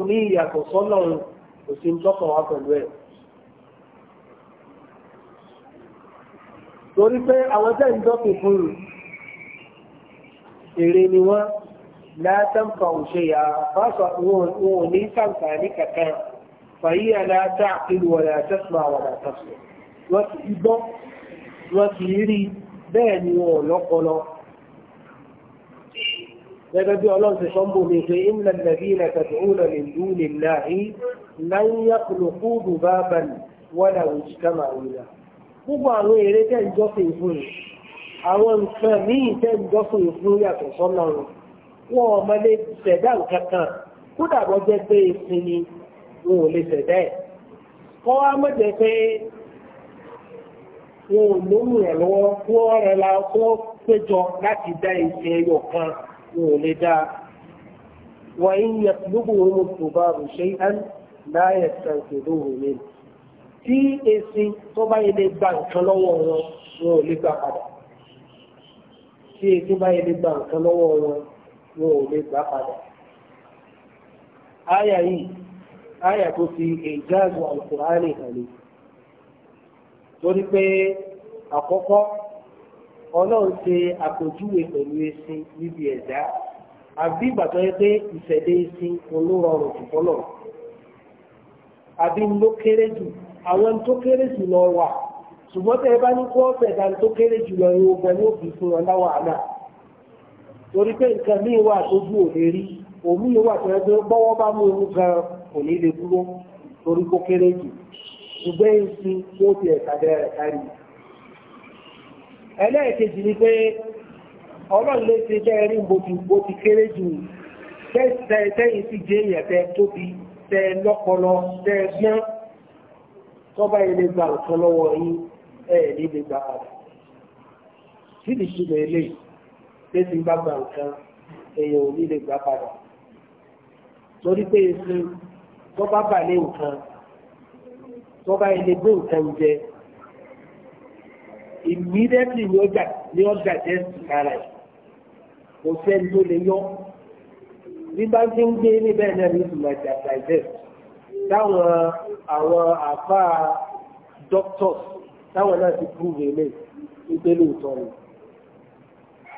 torí pé àwọn tẹ́ ń jọ́sìn fún un ni wọ́n látàǹfà òṣè yà fásọ wọn ní sàǹfà ní kankan bẹ́ẹ̀ ni wọn ò lọ́pọlọ gẹ́gẹ́ bí ọlọ́run ti sọ́ńbò mi pé inna alladhina tad'una min dunillahi lan yakhluqu dhubaban wala ijtama'u lahu gbogbo àwọn èrè tẹ́ ń jọ́sìn fún yìí àwọn nǹkan míì tẹ́ ń jọ́sìn fún yàtọ̀ sọ́nà wọn wọn ò lè ṣẹ̀dá nǹkan kan kódà bọ́ jẹ́ pé ìsinmi wọn ò lè ṣẹ̀dá ẹ̀ kọ́ wá mọ̀jẹ̀ pé wọn ò lóhùn rẹ̀ lọ́wọ́ wọ́n rẹ̀ la wọ́n péjọ láti dá iṣẹ́ ẹyọ kan wọn ò lè dá wà ń yẹ lóbù wọn kò bá rò ṣe án láyẹ̀ sàǹkì lóhùn mi tí esin tó bá yẹ lè gba nǹkan lọ́wọ́ wọn wọn ò lè gbà padà tí esin bá yẹ lè gba nǹkan lọ́wọ́ wọn wọn ò lè gbà padà. Aya yìí, aya tó fi èjáàgùn àlùkò ánì hàn ní. torí pé àkọ́kọ́ ọlọ́run ṣe àpèjúwe pẹ̀lú esin níbi ẹ̀dá àbí ìgbà tó yẹ pé ìṣẹ̀dé esin olórọrùn jù àbí ló kéré jù àwọn tó kéré jù lọ wà ṣùgbọ́n tẹ́ ẹ bá ní kó ọ̀fẹ̀dá tó kéré jù lọ ní òbí fún ṣùgbọ́n ìsì tó ti ẹ̀ka bẹ̀rẹ̀ kárí. ẹlẹ́ẹ̀kejì ni pé ọlọ́run ló ti bẹ́ẹ̀ rí bó ti kéré jù tẹ́yìn sí jẹ́ ìyẹ̀fẹ́ tóbi tẹ́ lọ́pọlọ tẹ́ gbọ́n tọ́ba ilé gba nǹkan lọ́wọ́ yín ẹ̀ nílé gba padà. tí lè ṣubẹ̀ eléyìí tẹ́sí bá gba nǹkan èèyàn ò nílé gba padà. torí pé èsì tọ́ba bà ní nǹkan tó bá ilé gbé nǹkan jẹ immediately ni ó dàjẹ́ ara ẹ̀ kò sẹ́ni tó lè yọ bí bá ti ń gbé níbẹ̀ náà ní ìtumọ̀ ìjà digest táwọn àwọn àfa doctors táwọn náà ti prove ilé ìpele ìtọ́ ni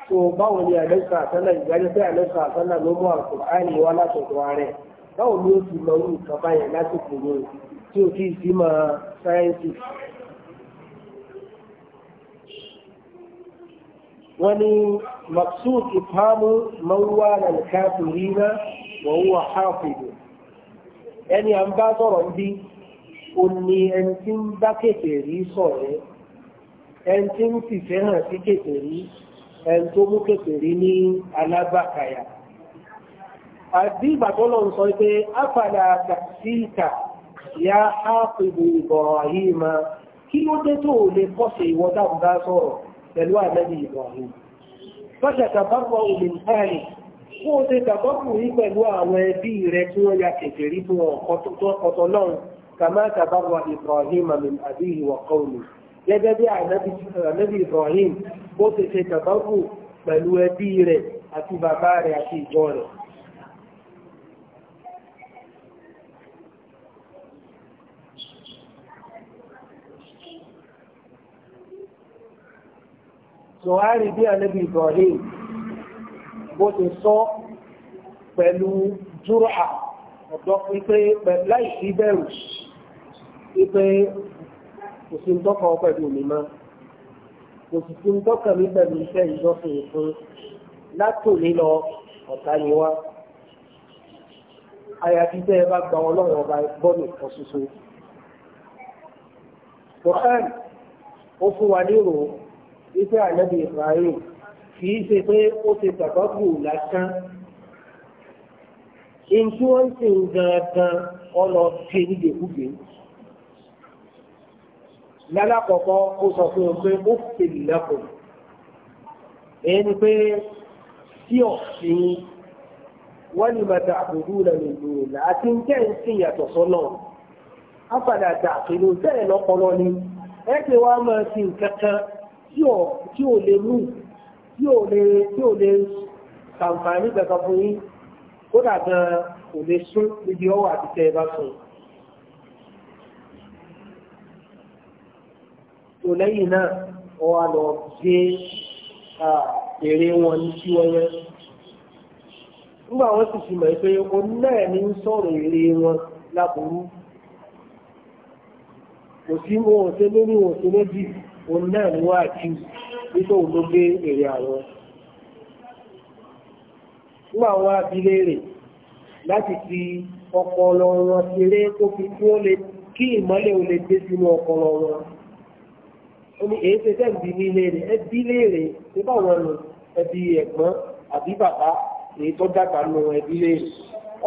so báwo ni àlẹ́sà àtọ́lá ìgbàlẹ́ pé àlẹ́sà àtọ́lá ló mú àkùrọ̀ àìníwá látọ̀tọ̀ ara ẹ̀ báwo ni ó ti lọ ní ìkàbáyẹ̀ lásìkò yóò tí ò tí ì máa sáyẹ́ǹsì. wọ́n ní maksud mawuwa na kafirina wa huwa hafidu ẹni à ń bá sọ̀rọ̀ ń bí ó ní ẹni tí ń bá kèfèrí sọ̀rẹ́ ẹni tí ń fìfẹ́ hàn sí kèfèrí ẹni tó mú kèfèrí ní alábàkàyà àbí tó lọ yá ápèbò Ibrahim kí ló dé tó lè kọ́sẹ̀ ìwọ dáhùn bá sọ̀rọ̀ pẹ̀lú ànábì Ibrahim fọ́ṣẹ̀ tàbárọ̀ òmìn táàrí kó o ṣe tàbọ́kù rí pẹ̀lú àwọn ẹbí rẹ tí wọ́n ya kẹ̀kẹ́ rí fún ọ̀tọ̀ kàmá tàbárọ̀ Ibrahim min abihi wa qawmi gẹ́gẹ́ bí ànábì Ibrahim bó ṣe ṣe tàbárọ̀ pẹ̀lú ẹbí rẹ àti bàbá rẹ àti ìjọ rẹ̀ sọ á rí bí ànábì Ibrahim bó ti sọ pẹ̀lú júrà ọ̀dọ́ pípé láìsí bẹ̀rù pípé kò sí ń tọ́kọ̀ pẹ̀lú mi mọ́ kò sì sí ń tọ́kọ̀ mi pẹ̀lú iṣẹ́ ìjọsìn fún látòlé lọ ọ̀tá ni wá àyàfi tẹ́ bá gba ọlọ́run ọba bọ́ọ̀lù kan ṣoṣo. Quran ó fún wa ní ìròyìn iṣẹ́ ànábì Ibrahim kìí ṣe pé ó ti tàbákù lásán ìṣú ó ń sìn gangan ọlọ ṣe nígbèkúgbè lálàkọ̀ọ́kọ́ ó sọ fún un pé ó fi lẹ́kùn èyí ni pé tí ọ̀sìn wọ́n ní màtà àbùdú lẹ́nu ìlú ìlà àti ń jẹ́ ń sìn yàtọ̀ sọ́nà á padà dà pẹ̀lú bẹ́ẹ̀ lọ́pọlọ ni ẹ ti wá máa sin kankan tí ò lè mú tí ò lè tí ò lè ṣàǹfààní kankan fún yín kódà gan kò lè sún níbi ọwọ́ àti tẹ́ ẹ bá sùn. tó lẹ́yìn náà wọ́n wá lọ gbé èrè wọn ní sí wọ́yẹ́. nígbà wọn sì fi mọ̀ pé oní náà ní ń sọ̀rọ̀ èrè wọn láburú. kò sí wọn ò ṣe lórí wọn ò ṣe méjì òun náà ni wọ́n àti wípé òun ló gbé èrè àwọn. Nígbà wọn abilé rẹ̀ láti fi ọpọlọ wọn ṣeré tó fi kí wọ́n lè kí ìmọ́lẹ̀ ò lè dé sínú ọpọlọ wọn. Ó ní èyí ṣe tẹ́ǹbì ní ilé rẹ̀ ẹbí léèrè nígbà wọn lò ẹbí ẹ̀gbọ́n àbí bàbá èyí tó dàgbà nù ẹbí léèrè.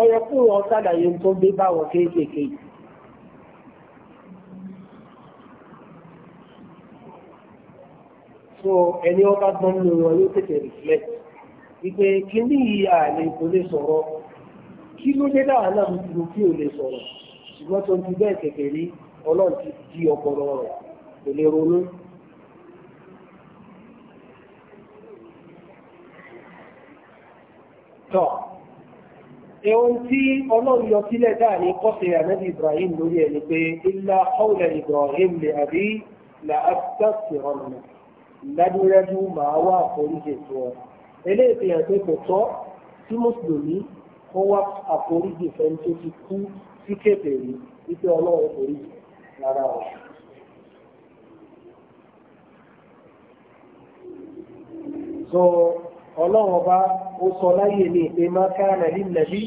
Ọyọ fún wọn ṣàlàyé tó gbé báwọn kéékèèké yìí. so ẹni ọba gbọ́n nínú wọn yóò tètè reflect wípé kíní yìí àlè kò lè sọ̀rọ̀ kí ló dé dáhà náà mo kí ò lè sọ̀rọ̀ ṣùgbọ́n tó ń ti bẹ́ẹ̀ kẹ̀kẹ́ rí ọlọ́run ti di ọpọlọ rẹ̀ kò lè ronú. tọ́ ohun tí ọlọ́run yọ sílẹ̀ dáa ní kọ́sẹ̀ ànábì Ibrahim lórí ẹni pé ilá ọ̀lẹ̀ Ibrahim lè àbí là ọ̀nà dájúdájú màá wá àforíjì fún ọ eléyìí fi hàn pé kò tọ́ tí mùsùlùmí kó wá àforíjì fẹ́ni tó ti kú sí kèfèrí wípé ọlọ́run foríjì rárá o. so ọlọ́run ọba ó sọ láyé ní pé má kana lin-nabi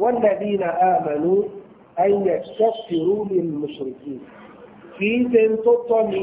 wal-ladhina amanu an yastaghfiru lil-mushrikeen kì í ṣe ń tó tọ́ ni.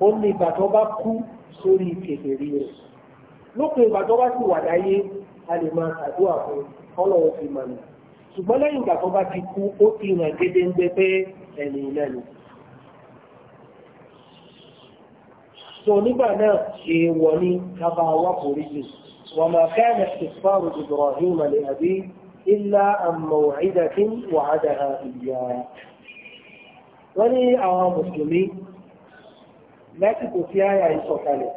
ó ní ìgbà tó bá kú sórí kèfèrí rẹ̀ lópin ìgbà tó bá sì wà láyé a lè máa ṣàdúrà fún ọlọ́run fi mọ̀nà ṣùgbọ́n lẹ́yìn ìgbà tó bá ti kú ó ti hàn gédéńgbé pé ẹ̀nì ìlẹ́nu. so nígbà náà èèwọ̀ ni kaba wà foríjì wọ́n máa kẹ́ẹ̀mẹ̀ ìfàrù Ibrahim àlẹ́àbí ilá àmọ̀ ìdàkín wàhádà ìyá wọ́n ní àwọn mùsùlùmí lásìkò tí àyà ìsọ̀kalẹ̀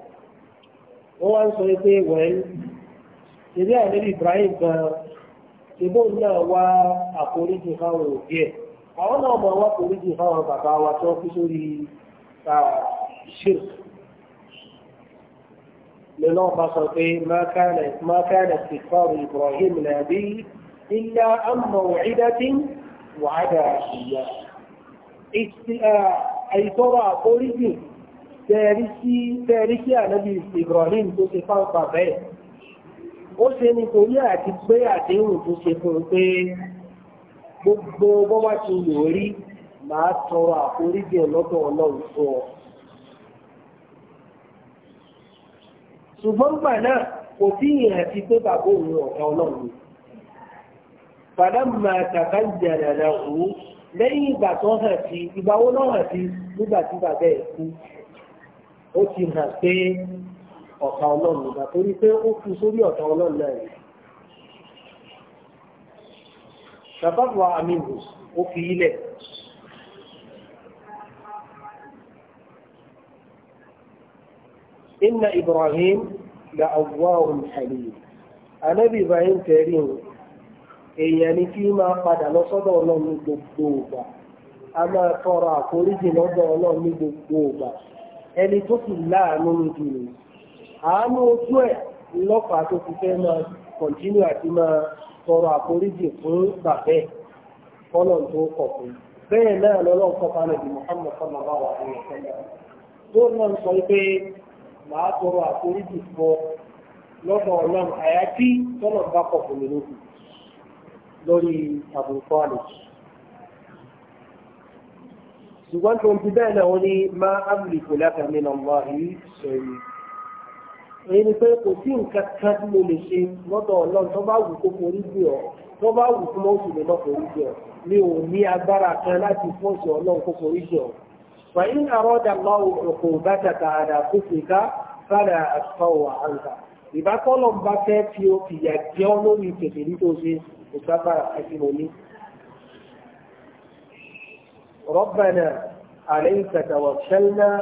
ó wá ń sọ pé wẹ́n ìdí àlẹ́ Ibrahim gan ìbò náà wá àforíjì fáwọn òbí ẹ̀ àwọn náà mọ̀ wá àforíjì fáwọn bàbá wa tó kú sórí ṣírk lọ́nà bá sọ pé ma kana istighfaru Ibrahim nabiyi illa an maw'idatin wa'ada ìyá àìsọ́rọ̀ àforíjì tẹ́ẹ̀rí sí tẹ́ẹ̀rí sí ànábì Ibrahim tó ṣe fáńpà bẹ́ẹ̀ ó ṣe nítorí àti pé àdéhùn tó ṣe fún un pé gbogbo bọ́wá ti lò rí màá tọrọ àforíjì ọlọ́dọ̀ ọlọ́run fún ọ. ṣùgbọ́n gbà náà kò tí ìyẹn àti pé bàbá òun ọ̀tá ọlọ́run fàdámà tàbá ìjàdàdà òun lẹ́yìn ìgbà tó hàn sí ìgbà wo náà hàn sí nígbà tí bàbá ẹ̀ ó ti hàn pé ọ̀tá ọlọ́run nígbà torí pé ó kú sórí ọ̀tá ọlọ́run náà Ṣàbábọ̀ Aminu ó fi ilẹ̀. Inna Ibrahim la awwahun halim. Anábì Ibrahim tẹ̀rí o, èèyàn ni kí máa padà lọ sọ́dọ̀ ọlọ́run gbogbo ìgbà. A máa tọrọ àforíjì lọ́dọ̀ ọlọ́run gbogbo ẹni tó sì láàánú ní jù ní àánú ojú ẹ̀ lọ́pàá tó fi fẹ́ máa kọ̀ntínú àti máa tọrọ àforíjì fún bàbẹ́ kọ́nà tó kọ̀ fún bẹ́ẹ̀ náà lọ́lọ́run kọ́ fún àlejò Muhammad sọ́nà bá wà ní ọ̀sẹ̀ tó náà sọ pé màá tọrọ àforíjì fún lọ́dọ̀ ọlọ́run àyàtí tọ́nà bá kọ̀ fún mi lórí àbùkọ́ àlejò ṣùgbọ́n tó ń ti bẹ́ẹ̀ náà ní máa ámìlì kò láta mi nà wá yìí ṣẹ̀yìn. èyí ni pé kò sí nǹkan kan tí mo lè ṣe lọ́dọ̀ ọlọ́run tó bá wù kó forí gbé ọ tó bá wù kó mọ́ òṣèlú náà forí gbé ọ mi ò ní agbára kan láti fọ́ọ̀ṣì ọlọ́run kó forí gbé ọ. فإن أراد الله عقوبتك على كفرك فلا أتقو عنك ìbá tọ́lọ̀ bá fẹ́ fi ó fìyà jẹ́ ọ lórí kèfèrí tó ṣe àti òní ربنا عليك توكلنا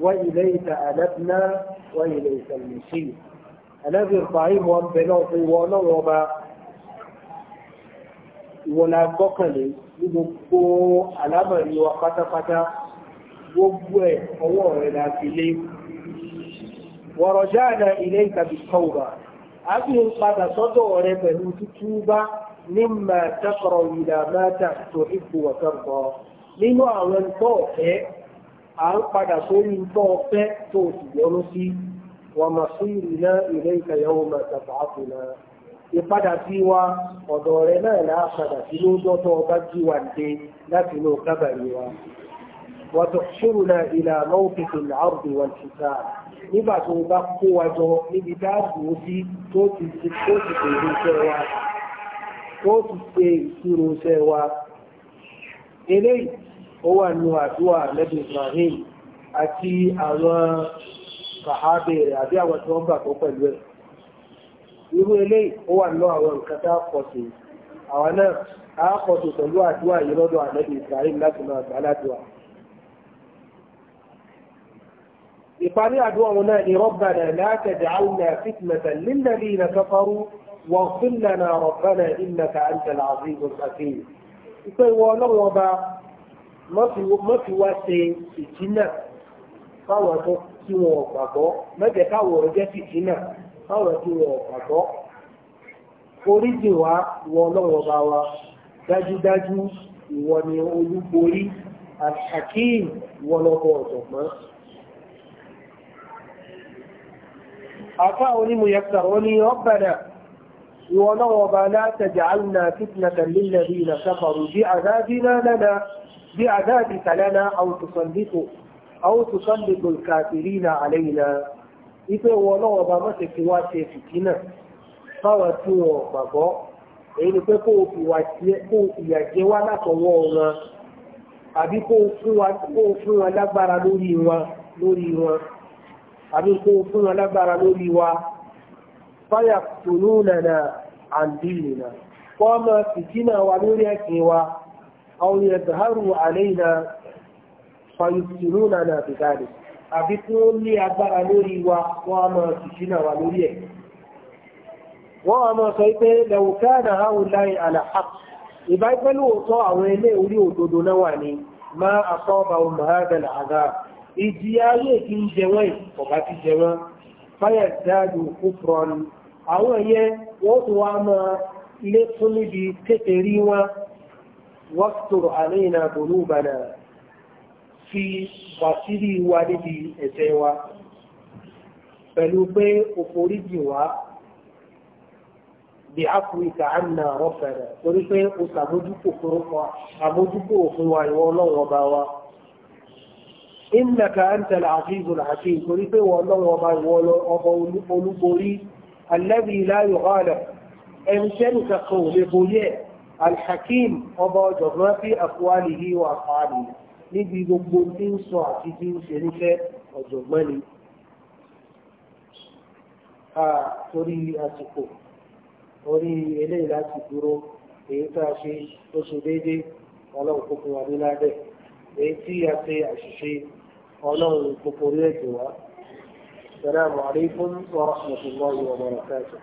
وإليك أنبنا وإليك المصير الذي الضعيف وانبناطي ونربا ولا بقل gbogbo alámọ̀rí wa pátápátá gbogbo ẹ̀ ọwọ́ rẹ̀ láti lé wọ̀rọ̀já àdá ilé ìtàbí kọwà a fi ń padà sọ́dọ̀ rẹ̀ pẹ̀lú tútú bá nígbà tẹ́kọ̀rọ̀ ìdàmáta tó ipò wọ̀tọ́gbọ̀ọ́ nínú àwọn tó ọ̀fẹ́ à ń padà sórí tó ọ̀fẹ́ tó sì yọrú sí wa masirina ilayka yawma tab'athuna ìpadà sí wa ọ̀dọ̀ rẹ̀ náà láà padà sí lóòjọ́ tó ọba jí wa dé láti inú kábàrí wa wa tuhshuruna ila mawqifil ardi wal hisab nígbà tó bá kó wa jọ níbi dáàbò sí tó ti ṣe tó ti ṣe iṣẹ́ wa tó ti ṣe ìṣirò iṣẹ́ wa eléyìí ó wà nù àdúwà lẹ́bí Ibrahim àti àwọn sàhábẹ̀ rẹ̀ àbí àwọn tí wọ́n gbà tó pẹ̀lú ẹ̀ irú eléyìí ó wà lọ àwọn nǹkan tá a pọ̀ sí àwọn náà a pọ̀ sí pẹ̀lú àdúrà yìí lọ́dọ̀ ànábì Ibrahim láti máa gbà ládùúà ìparí àdúrà wọn náà ni Rabbana la taj'alna fitnatan lilladhina kafaru waghfir lana Rabbana innaka antal azizul hakim ìpè ìwọ ọlọ́run ọba má fi wá ṣe ìtínà fáwọn tó tí wọn gbàgbọ́ mẹ́jẹ̀ káwọn ò jẹ́ fìtínà fáwọn tí wọn gbàgbọ́ oríjì wa wọ ọlọ́wọ́ bá wa dájúdájú ìwọ ni olúborí àkíyìn ìwọ lọ́kọ̀ ọ̀jọ̀gbọ́n. àfáà onímùyẹ̀kà ó ní ìwọ ọlọ́wọ́ bá látẹ̀jà alùnà fitna tẹ̀lé lẹ́bí ìlàkàfàrù bí àdábí náà lẹ́nà بعذابك لنا أو تسلط أو تسلط الكافرين علينا ipe wọn lọ́wọ́ bá mọ́sẹ̀ fi wá ṣe fìtínà fáwọn tí wọn gbàgbọ́ èyí ni pé kó ìyà jẹ wá látọwọ́ wọn àbí kó fún wọn lágbára lórí wọn lórí wọn àbí kó fún wọn lágbára lórí wa fáyà tòlú nànà àǹdí nìna kọ́ ọmọ fìtínà wa lórí ẹ̀sìn wa أو يظهروا علينا فيفتنوننا بذلك àbí tí ó ní agbára lórí wa wọ́n a máa ṣìṣínà wa lórí ẹ̀. wọ́n a máa sọ pé lẹ́wùkáàdà àwọn láì àlàhàp ìbáipẹ́ lóòótọ́ àwọn ilé orí òdodo náà wà ní um máa àkọ́ọ̀bà mahadal àgá ìjì واستر علينا ذنوبنا في غسل والدي ẹ̀ṣẹ̀ pẹ̀lú pé o foríjì wá bí a kú ìka àmìnà rọ́fẹ̀rẹ̀ torí pé o sàmójúkò fún wa ìwọ ọlọ́run ọba wa innaka anta al-azizul hakim torí pé wọ ọlọ́run ọba ìwọ ọba olúborí alladhi la yughalib ẹni sẹ́nìkà kan ò lè borí ẹ̀ alhakim ọba ọ̀jọ̀gbọ́n fi àfúwálìhí wà fàálì níbi gbogbo tí ń sọ àti tí ń ṣe nífẹ́ ọ̀jọ̀gbọ́n ni torí àsìkò orí eléyìí láti dúró èyí tá a ṣe tó ṣe déédéé ọlọ́run kókó wa ní lábẹ́ èyí tí a ṣe àṣìṣe ọlọ́run kókó orí ẹ̀jẹ̀ wa. السلام عليكم ورحمة الله وبركاته